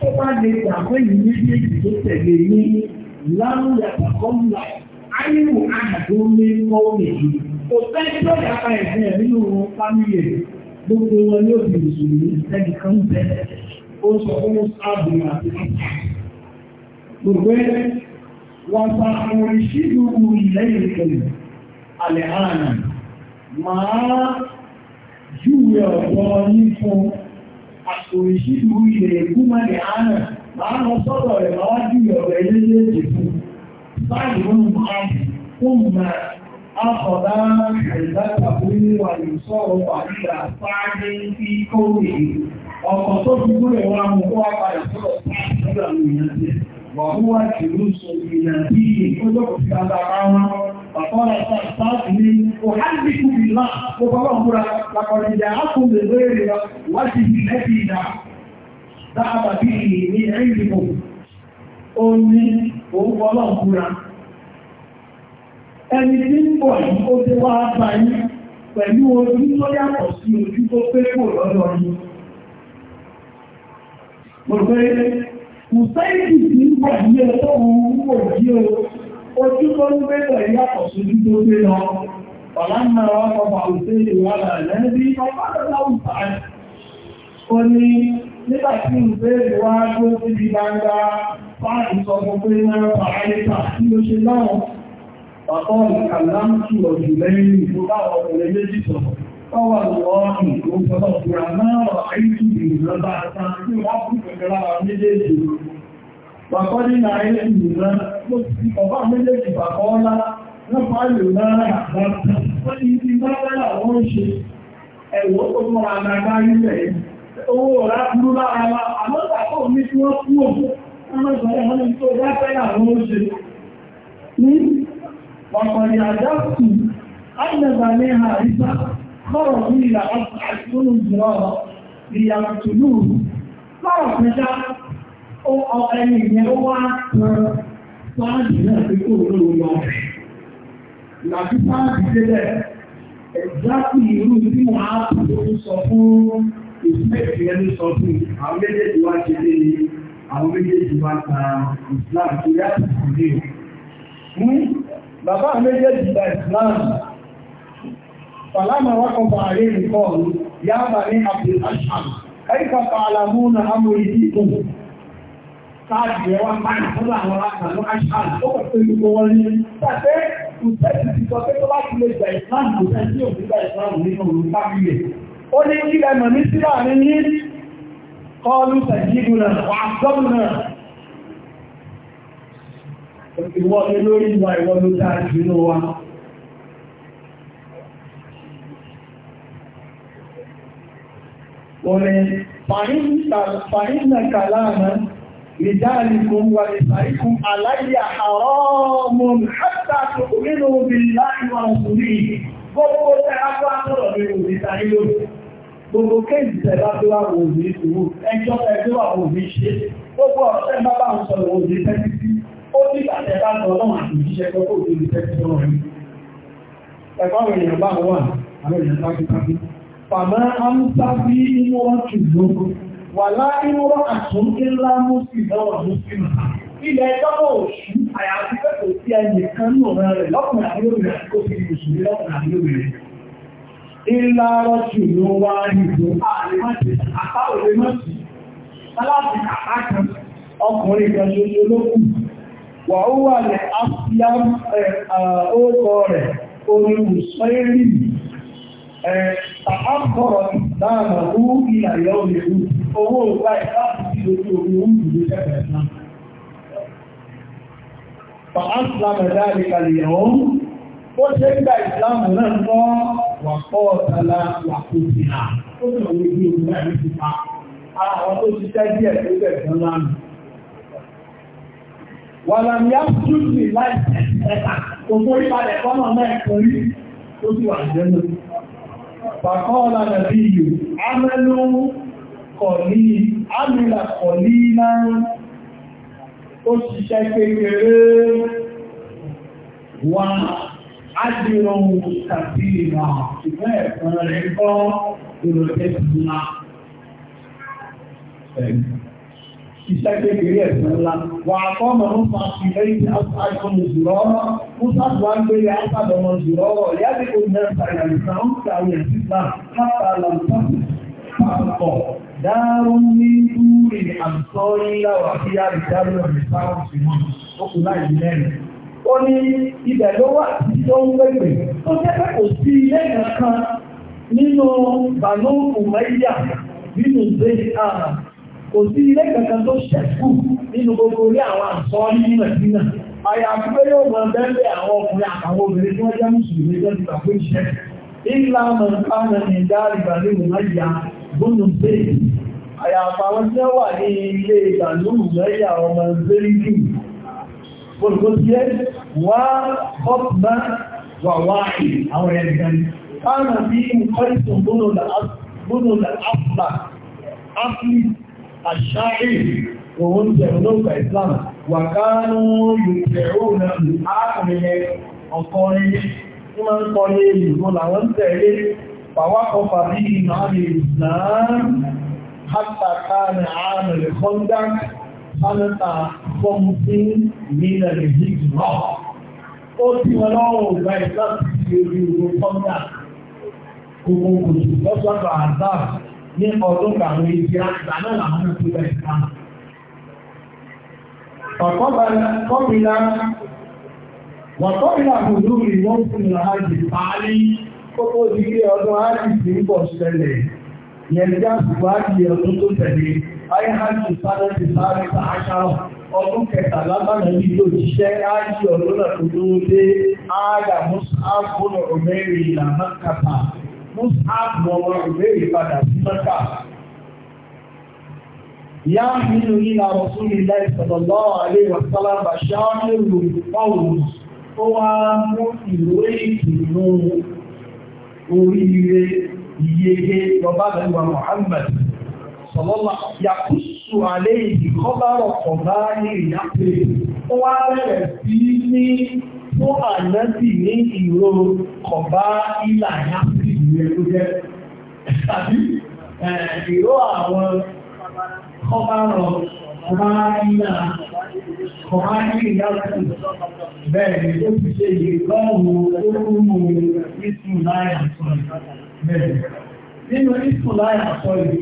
tó bá lè gbà pé ìní méjì tó tẹ̀lé ní lárúyà tàkọ́mùlà áyíwò àjàdó ní mọ́ọ̀mì yìí kò fẹ́ tó yàtà ẹ̀sìn ẹ̀ nínú fámìlì gbogbo wọn ní òbí ìṣòro ẹnì kan bẹ̀rẹ̀ ó sọ fún sáàbù àti ọjà gbogbo wọn fa àwọn ìṣídùú ilẹ̀ ìkẹlẹ̀ alẹ́ àná máa júwe ọ̀pọ̀ yín fún àtòrìṣìlú ilẹ̀ ìkúmọ̀lẹ̀ àánà máa lọ sọ́dọ̀ rẹ̀ máa wájú ìyọ̀rọ̀ eléyéèdè fún báyìí wọn máa fún mà áfọ̀dá níwà ìsọ̀rọ̀ àríyà sáájú sí kóòrè fi kó فقال استعصاني أحدث بالله وفرهم لقد جاءكم بغير وجه الذي ذهب به من عندكم أمي وفرهم ẹni tí ń bọ̀ ó ti wá bá yí pẹ̀lú ń bọ̀ ojú tó ń gbé lọ yàtọ̀ sí ojú tó gbé lọ ọ̀lànà ọkọ̀ bàwùsẹ̀ ìwọ̀nà lẹ́bí Ọ̀tọ́ ìkàlámtù ọ̀jù lẹ́yìn ìfúnbá ọ̀pẹ̀lẹ̀ méjì sọ̀rọ̀. Ọwà lọ́wọ́ ìgbòsọ́lọ̀ fúra náà àìtù ìrìnlọ́bà àtàkì wọ́n fún pẹ̀lú àwọn méjèèjì. wàkọ́dí na ilẹ̀ ìlúra ọba méjèèjì bàbá ọlá lọ́pàá lè àgbà wọ́n ni ti lára àwọn ṣe ẹ̀wọ́ tó mọ́ àgbàgbà ilẹ̀ owó ọ̀rá burú lára wa àmọ́sàkọ́ tí wọ́n kú ó ọba ẹni ìyẹn ó wá kan fáàdì náà pé kó ló lọ rẹ̀. Ìlàbí fáàdì délẹ̀, ẹ̀dáàkì irú tí wọ́n á tó tó sọ fún ìsúlẹ̀kì ẹni sọ fún àwọn méjèèjì wá ṣe lé ní àwọn méjèèjì wá ta Islam tó yàtọ̀ sí ilé o. Bàbá méjèèjì gba Islam, Fàlámà wákọ̀ bá àrẹ nìkan, yá bá ní Abdul Asham, kaifa ta'lamuna amri bikum káàdì ẹ̀ wá máa nínú àwọn àgbàlọ́ àṣàlù ó kọ̀ pé gbogbo wọn ní pàṣẹ kùsẹ́ẹ̀tì ti sọ pé tó bá ti lè gba ìsìláàmù kò sẹ́ẹ̀ tí òfin gba ìsìláàmù nínú òun fábílẹ̀ ó ní kí ẹ mọ̀ ní síra ní ní kọlu sẹ̀jídù náà wà gọ́ọ̀mù náà ìwọ ni lórí nínú wa Wọ́n ni, fàyín nà kàlámà رجالكم ونسائكم علي حرام حتى تؤمنوا بالله ورسوله gbogbo tẹ́lápá sọ̀rọ̀ ní òrìta ilé gbogbo kéèkì tẹ́lápá òòrì ìṣòro ẹjọ́ tẹ́lápá òòrì ṣe gbogbo ọ̀sẹ̀ bábá ń sọ̀rọ̀ òòrì tẹ́tí ó ní ìgbàtẹ̀lá ọlọ́run àti ìjíṣẹ́ gbogbo òòrì tẹ́tí sọ̀rọ̀ rí ẹ̀kọ́ wà láàrin wọ́n àtún ńlá mọ́sí lọ́wọ́ mọ́sí ilẹ̀ ìjọba òṣù àyàfi pẹ̀lú sí ẹni kan ní ọ̀rọ̀ rẹ̀ lọ́kùnrin àti obìnrin àti kó fi ìbùsùn ní lọ́kùnrin àti obìnrin ńlá rọ́jù ló wá nìbò àríwájú àpá òwe mọ́sí aláàbì àpá kan ọkùnrin kan ṣoṣo ló kù wà ó wà ní áfíà ọkọ rẹ̀ orin ìsọ́ Àkọ́kọ̀rọ̀ dáàmà ó ìlà ìyọ́ ìlú owó ìgbà ìláàpù sí ojú ogun oúnjẹ ló ṣẹ̀fẹ̀ náà. Fàásìlámà dáàrí kalẹ̀ ìyàwó, ó ṣe ń gba ìsìlámù náà lọ wà pọ̀ ọ̀tàlá wà kó sí à. Ó sì wọ́n ojú ogun láì ti pa. àwọn tó ṣiṣẹ́ díẹ̀ tó bẹ̀rẹ̀ lánàá. Wàlàmíà Súlùmí láì ẹ̀ka, òmórí balẹ̀ kọ́nà náà kọrí, ó sì wà náà. Bàkọ́ọ̀lá nàbí yìí, Amẹ́lú kọ̀lí, Amìlà kọ̀lí náà, ó ṣiṣẹ́ kékeré wà ájíròun tàbí ìwà ìfẹ́ ẹ̀kan rẹ̀ kọ́ ìrọ̀tẹ́ iṣẹ́ kékeré ẹ̀sìn ńlá wà àkọ́mọ̀ ń fa ìrẹ́yìn àkọ́mọ̀ ìṣòrọ́rọ́ musa tó wá gbélé àkàdọ̀mọ̀ ìṣòrọ́rọ́ yàtí kò ní ẹ̀sà ìrìnàmìsà ń fi àwọn ẹ̀sìn ìgbà káàkà àlàmùsà pàpọ̀ dááró ní dúrì àbùsọ ńlá wà sí àbùsáré ọ̀mìsà òṣìmọ̀ ọkùn láì lẹ́nu ó ní ibẹ̀ ló wà tí ó ń gbẹ̀gbẹ̀ tó jẹ́ pé kò sí ilé kankan nínú bànú òmẹ́yà nínú zéyà kò sí ilé kankan tó ṣẹ́kù nínú gbogbo orí àwọn àṣọ́rí ní nàìjíríà àyàfi pé yóò mọ̀ bẹ́ẹ̀ àwọn ọkùnrin àtàwọn obìnrin tí wọ́n jẹ́ mùsùlùmí jẹ́ ti pàpé iṣẹ́ ìlà mọ̀nkánà ní dáàrìbà ní ìwòmáyà gbónú bẹ́ẹ̀ àyàfi àwọn tí wọ́n wà ní ilé ìdàlúrù lẹ́yà ọmọ zéríkì gbogbogbòsíẹ́ wà bọ́ọ̀bá wà wáàrí àwọn ẹ̀gbẹ̀n kánà bí nǹkan ìsùn gbónú làásùlà àṣáì òun jẹ̀rù lóògbà Islam wàkánú yòtẹ̀rù náà ákùnrin ọkọrin tí máa ń kọ ní ìlú làwọn tẹ̀lé pàwákọ̀ fàbí ìmáàlì Islam hátàkánà àmìlẹ̀ kọ́ndák sánátà fọ́mùsín nílẹ̀ ìjìjìmá ó ti wọn lọ́wọ́ ògbà Islam ti orí ogun kọ́ndák gbogbo kòtù lọ́sọ́dọ̀ àzáà ní ọdún àwọn ìjìyà ìgbà náà làwọn náà tó bẹ̀rẹ̀ sí náà. Ọ̀kọ́bìnà wọ̀kọ́bìnà àbùdó rí wọ́n fún ìrànlájì paálí kókó di ilé ọdún áàdìsì ń bọ̀ ṣẹlẹ̀. Yẹn já ṣùgbọ́n áàdì ọdún tó tẹ̀lé, ayé áàdì sáré ti sáré sàáṣá ọdún kẹtàlá bánà ní ìlú òṣìṣẹ́ áàdì ọdún náà tó dúró dé áàdà mọ́sáàbùnà òmẹ́rin ìlànà kàtà Mus'ab mọ̀mọ́ ìbéèrè padà sí Mẹ́kà. Ìyá mi nínú ìlà Rasulullahi sallallahu alaihi wa sallam ṣáájú ìpọ̀wù tó wá mú ìwé ìtùnú oríire ìyege lọ́bá lẹ́wà Muhammad. Sọlọ́lá yàkúsù alẹ́ ìdíkọ́bárọ̀ kọ̀bá ní ìyàpẹ̀. Ó wá bẹ̀rẹ̀ sí ní fún ànábì ní ìró kọ̀bá ìlà yásì ìwé ló jẹ́ tàbí ìró àwọn kọ́bá rọ̀ kọ̀bá ìlà kọ̀bá ìlà yásì bẹ́ẹ̀ ló ti ṣe ìrọ̀rùn olóòmù ìsù láyà sọ̀rọ̀ bẹ́ẹ̀ nínú ìsù láyà sọ̀rọ̀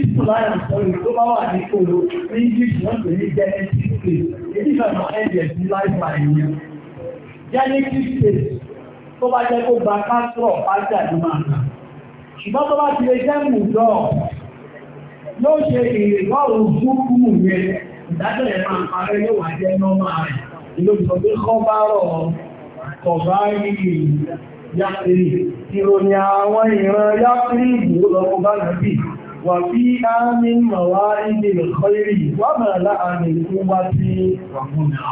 Ìsù láyà sọ̀rọ̀ tó bá wà ní kòrò ní English wọ́n pè ní Genesis Space, èyí ìfẹ̀mọ̀ ẹ̀jẹ̀ sí láìpàá ìyẹn genetic state tó bá jẹ́ kó gba kásọ̀ pàṣẹ àdúmà ṣùgbọ́n tó bá ti lè jẹ́ mùdọ́ yóò ṣe ìrọ̀rùn fúnkúmù rẹ̀ ìdájọ́rẹ̀ máa parẹ́ yóò wà jẹ́ nọ́mà rẹ̀ ìlòsọ̀ pé kọ́ bá rọ̀ kọ̀bá yìí yàtìrì ìròyìn àwọn ìran yàtìrì ìgbò lọ́kọ́ bá nàbì wà fí ámì mọ̀wá ilé ìkọ́ ìrì wà mọ̀ láàrin ìkúwá sí wàmúnà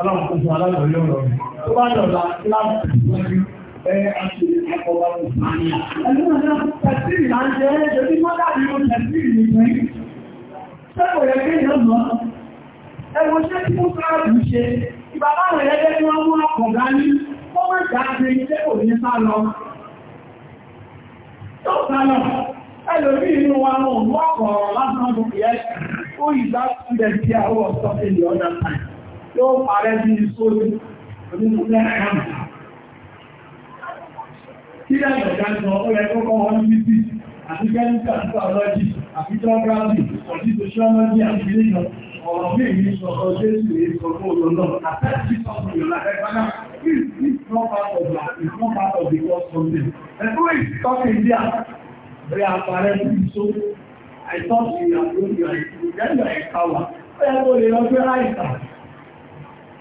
ọlọ́run tó fún aláwọ̀ yóò rọ̀ mí. Tó bá dọ̀la láti ìwájú ẹ àti ìkọ̀wá òṣìṣẹ́. Ẹ̀sùn náà tẹ̀sírì máa ń jẹ́ ẹ̀jẹ̀ bí mọ́tà ni mo tẹ̀sírì ní ìgbẹ́. Sẹ́kọ̀ọ́ yẹ kí èèyàn mọ̀. Ẹ wo ṣé tí mo fẹ́ rù ṣe? Ìbàbá ìgbà student yóò parẹ́ bí i sórí onígbẹ́ àmì kí lẹ́gbẹ̀ ìdájọ́ ọ̀rẹ́ kọ́kọ́ wọ́n ní bí àti gẹ́ǹtà ìpàlọ́jì àti jọ́gbàmì àti sociology àti religion ọ̀rọ̀ bí i sọ̀rọ̀ jésù èyí sọ̀rọ̀ olóòlò àtẹ́sí sọ̀rọ̀ yóò lábẹ́ padà It's not part of that. It's not part of the God something. And who is talking there? They apparently so. I thought you are good. You are a coward. They are going to be right now.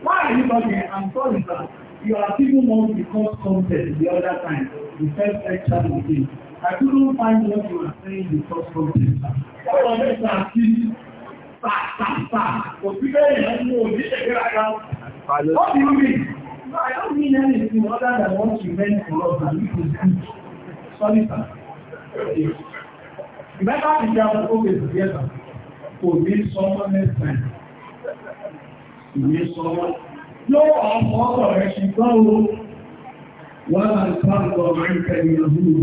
Why everybody? I'm sorry, sir. You are people want to cause contest the other time, the first lecture we did. I couldn't find what you are saying because contest. All of us are kids. Sir, sir, sir. For people in the world, this is What do you mean? No, I don't mean anything other than what you meant for us and we could teach. Sorry, sir. Remember the job of the together for this summer next time ìwé sọ́wọ́ yóò ọmọ ọ̀pọ̀ rẹ̀ ṣùgbọ́n o wọ́n máa ń kọ́ ọ̀rọ̀ rẹ̀ tẹ̀lé ọdún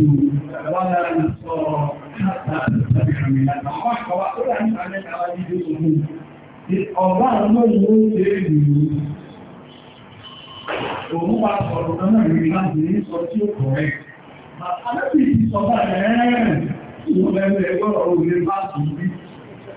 wọ́n máa ń sọ Ọ̀gá àwọn ìwé ṣe ìlú òun wá sọ̀rọ̀ náà rí láti ní sọ tí ó kọ̀ rẹ̀. Àlẹ́bìí ti sọ bá rẹ̀ rẹ̀ rẹ̀ rẹ̀ rẹ̀ rẹ̀ rẹ̀ rẹ̀ rẹ̀ rẹ̀ rẹ̀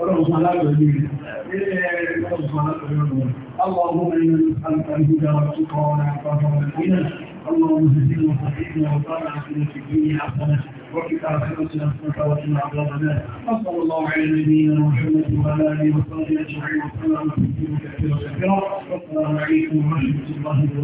اللهم إنا نسألك الهدى والتقى والعفاف والغنى اللهم زدنا وصحبنا وطالع في الدنيا حسنة وفي الآخرة حسنة وقنا عذاب النار وصلى الله على نبينا محمد وعلى آله وصحبه أجمعين وسلم تسليما كثيرا كثيرا والسلام عليكم ورحمة الله وبركاته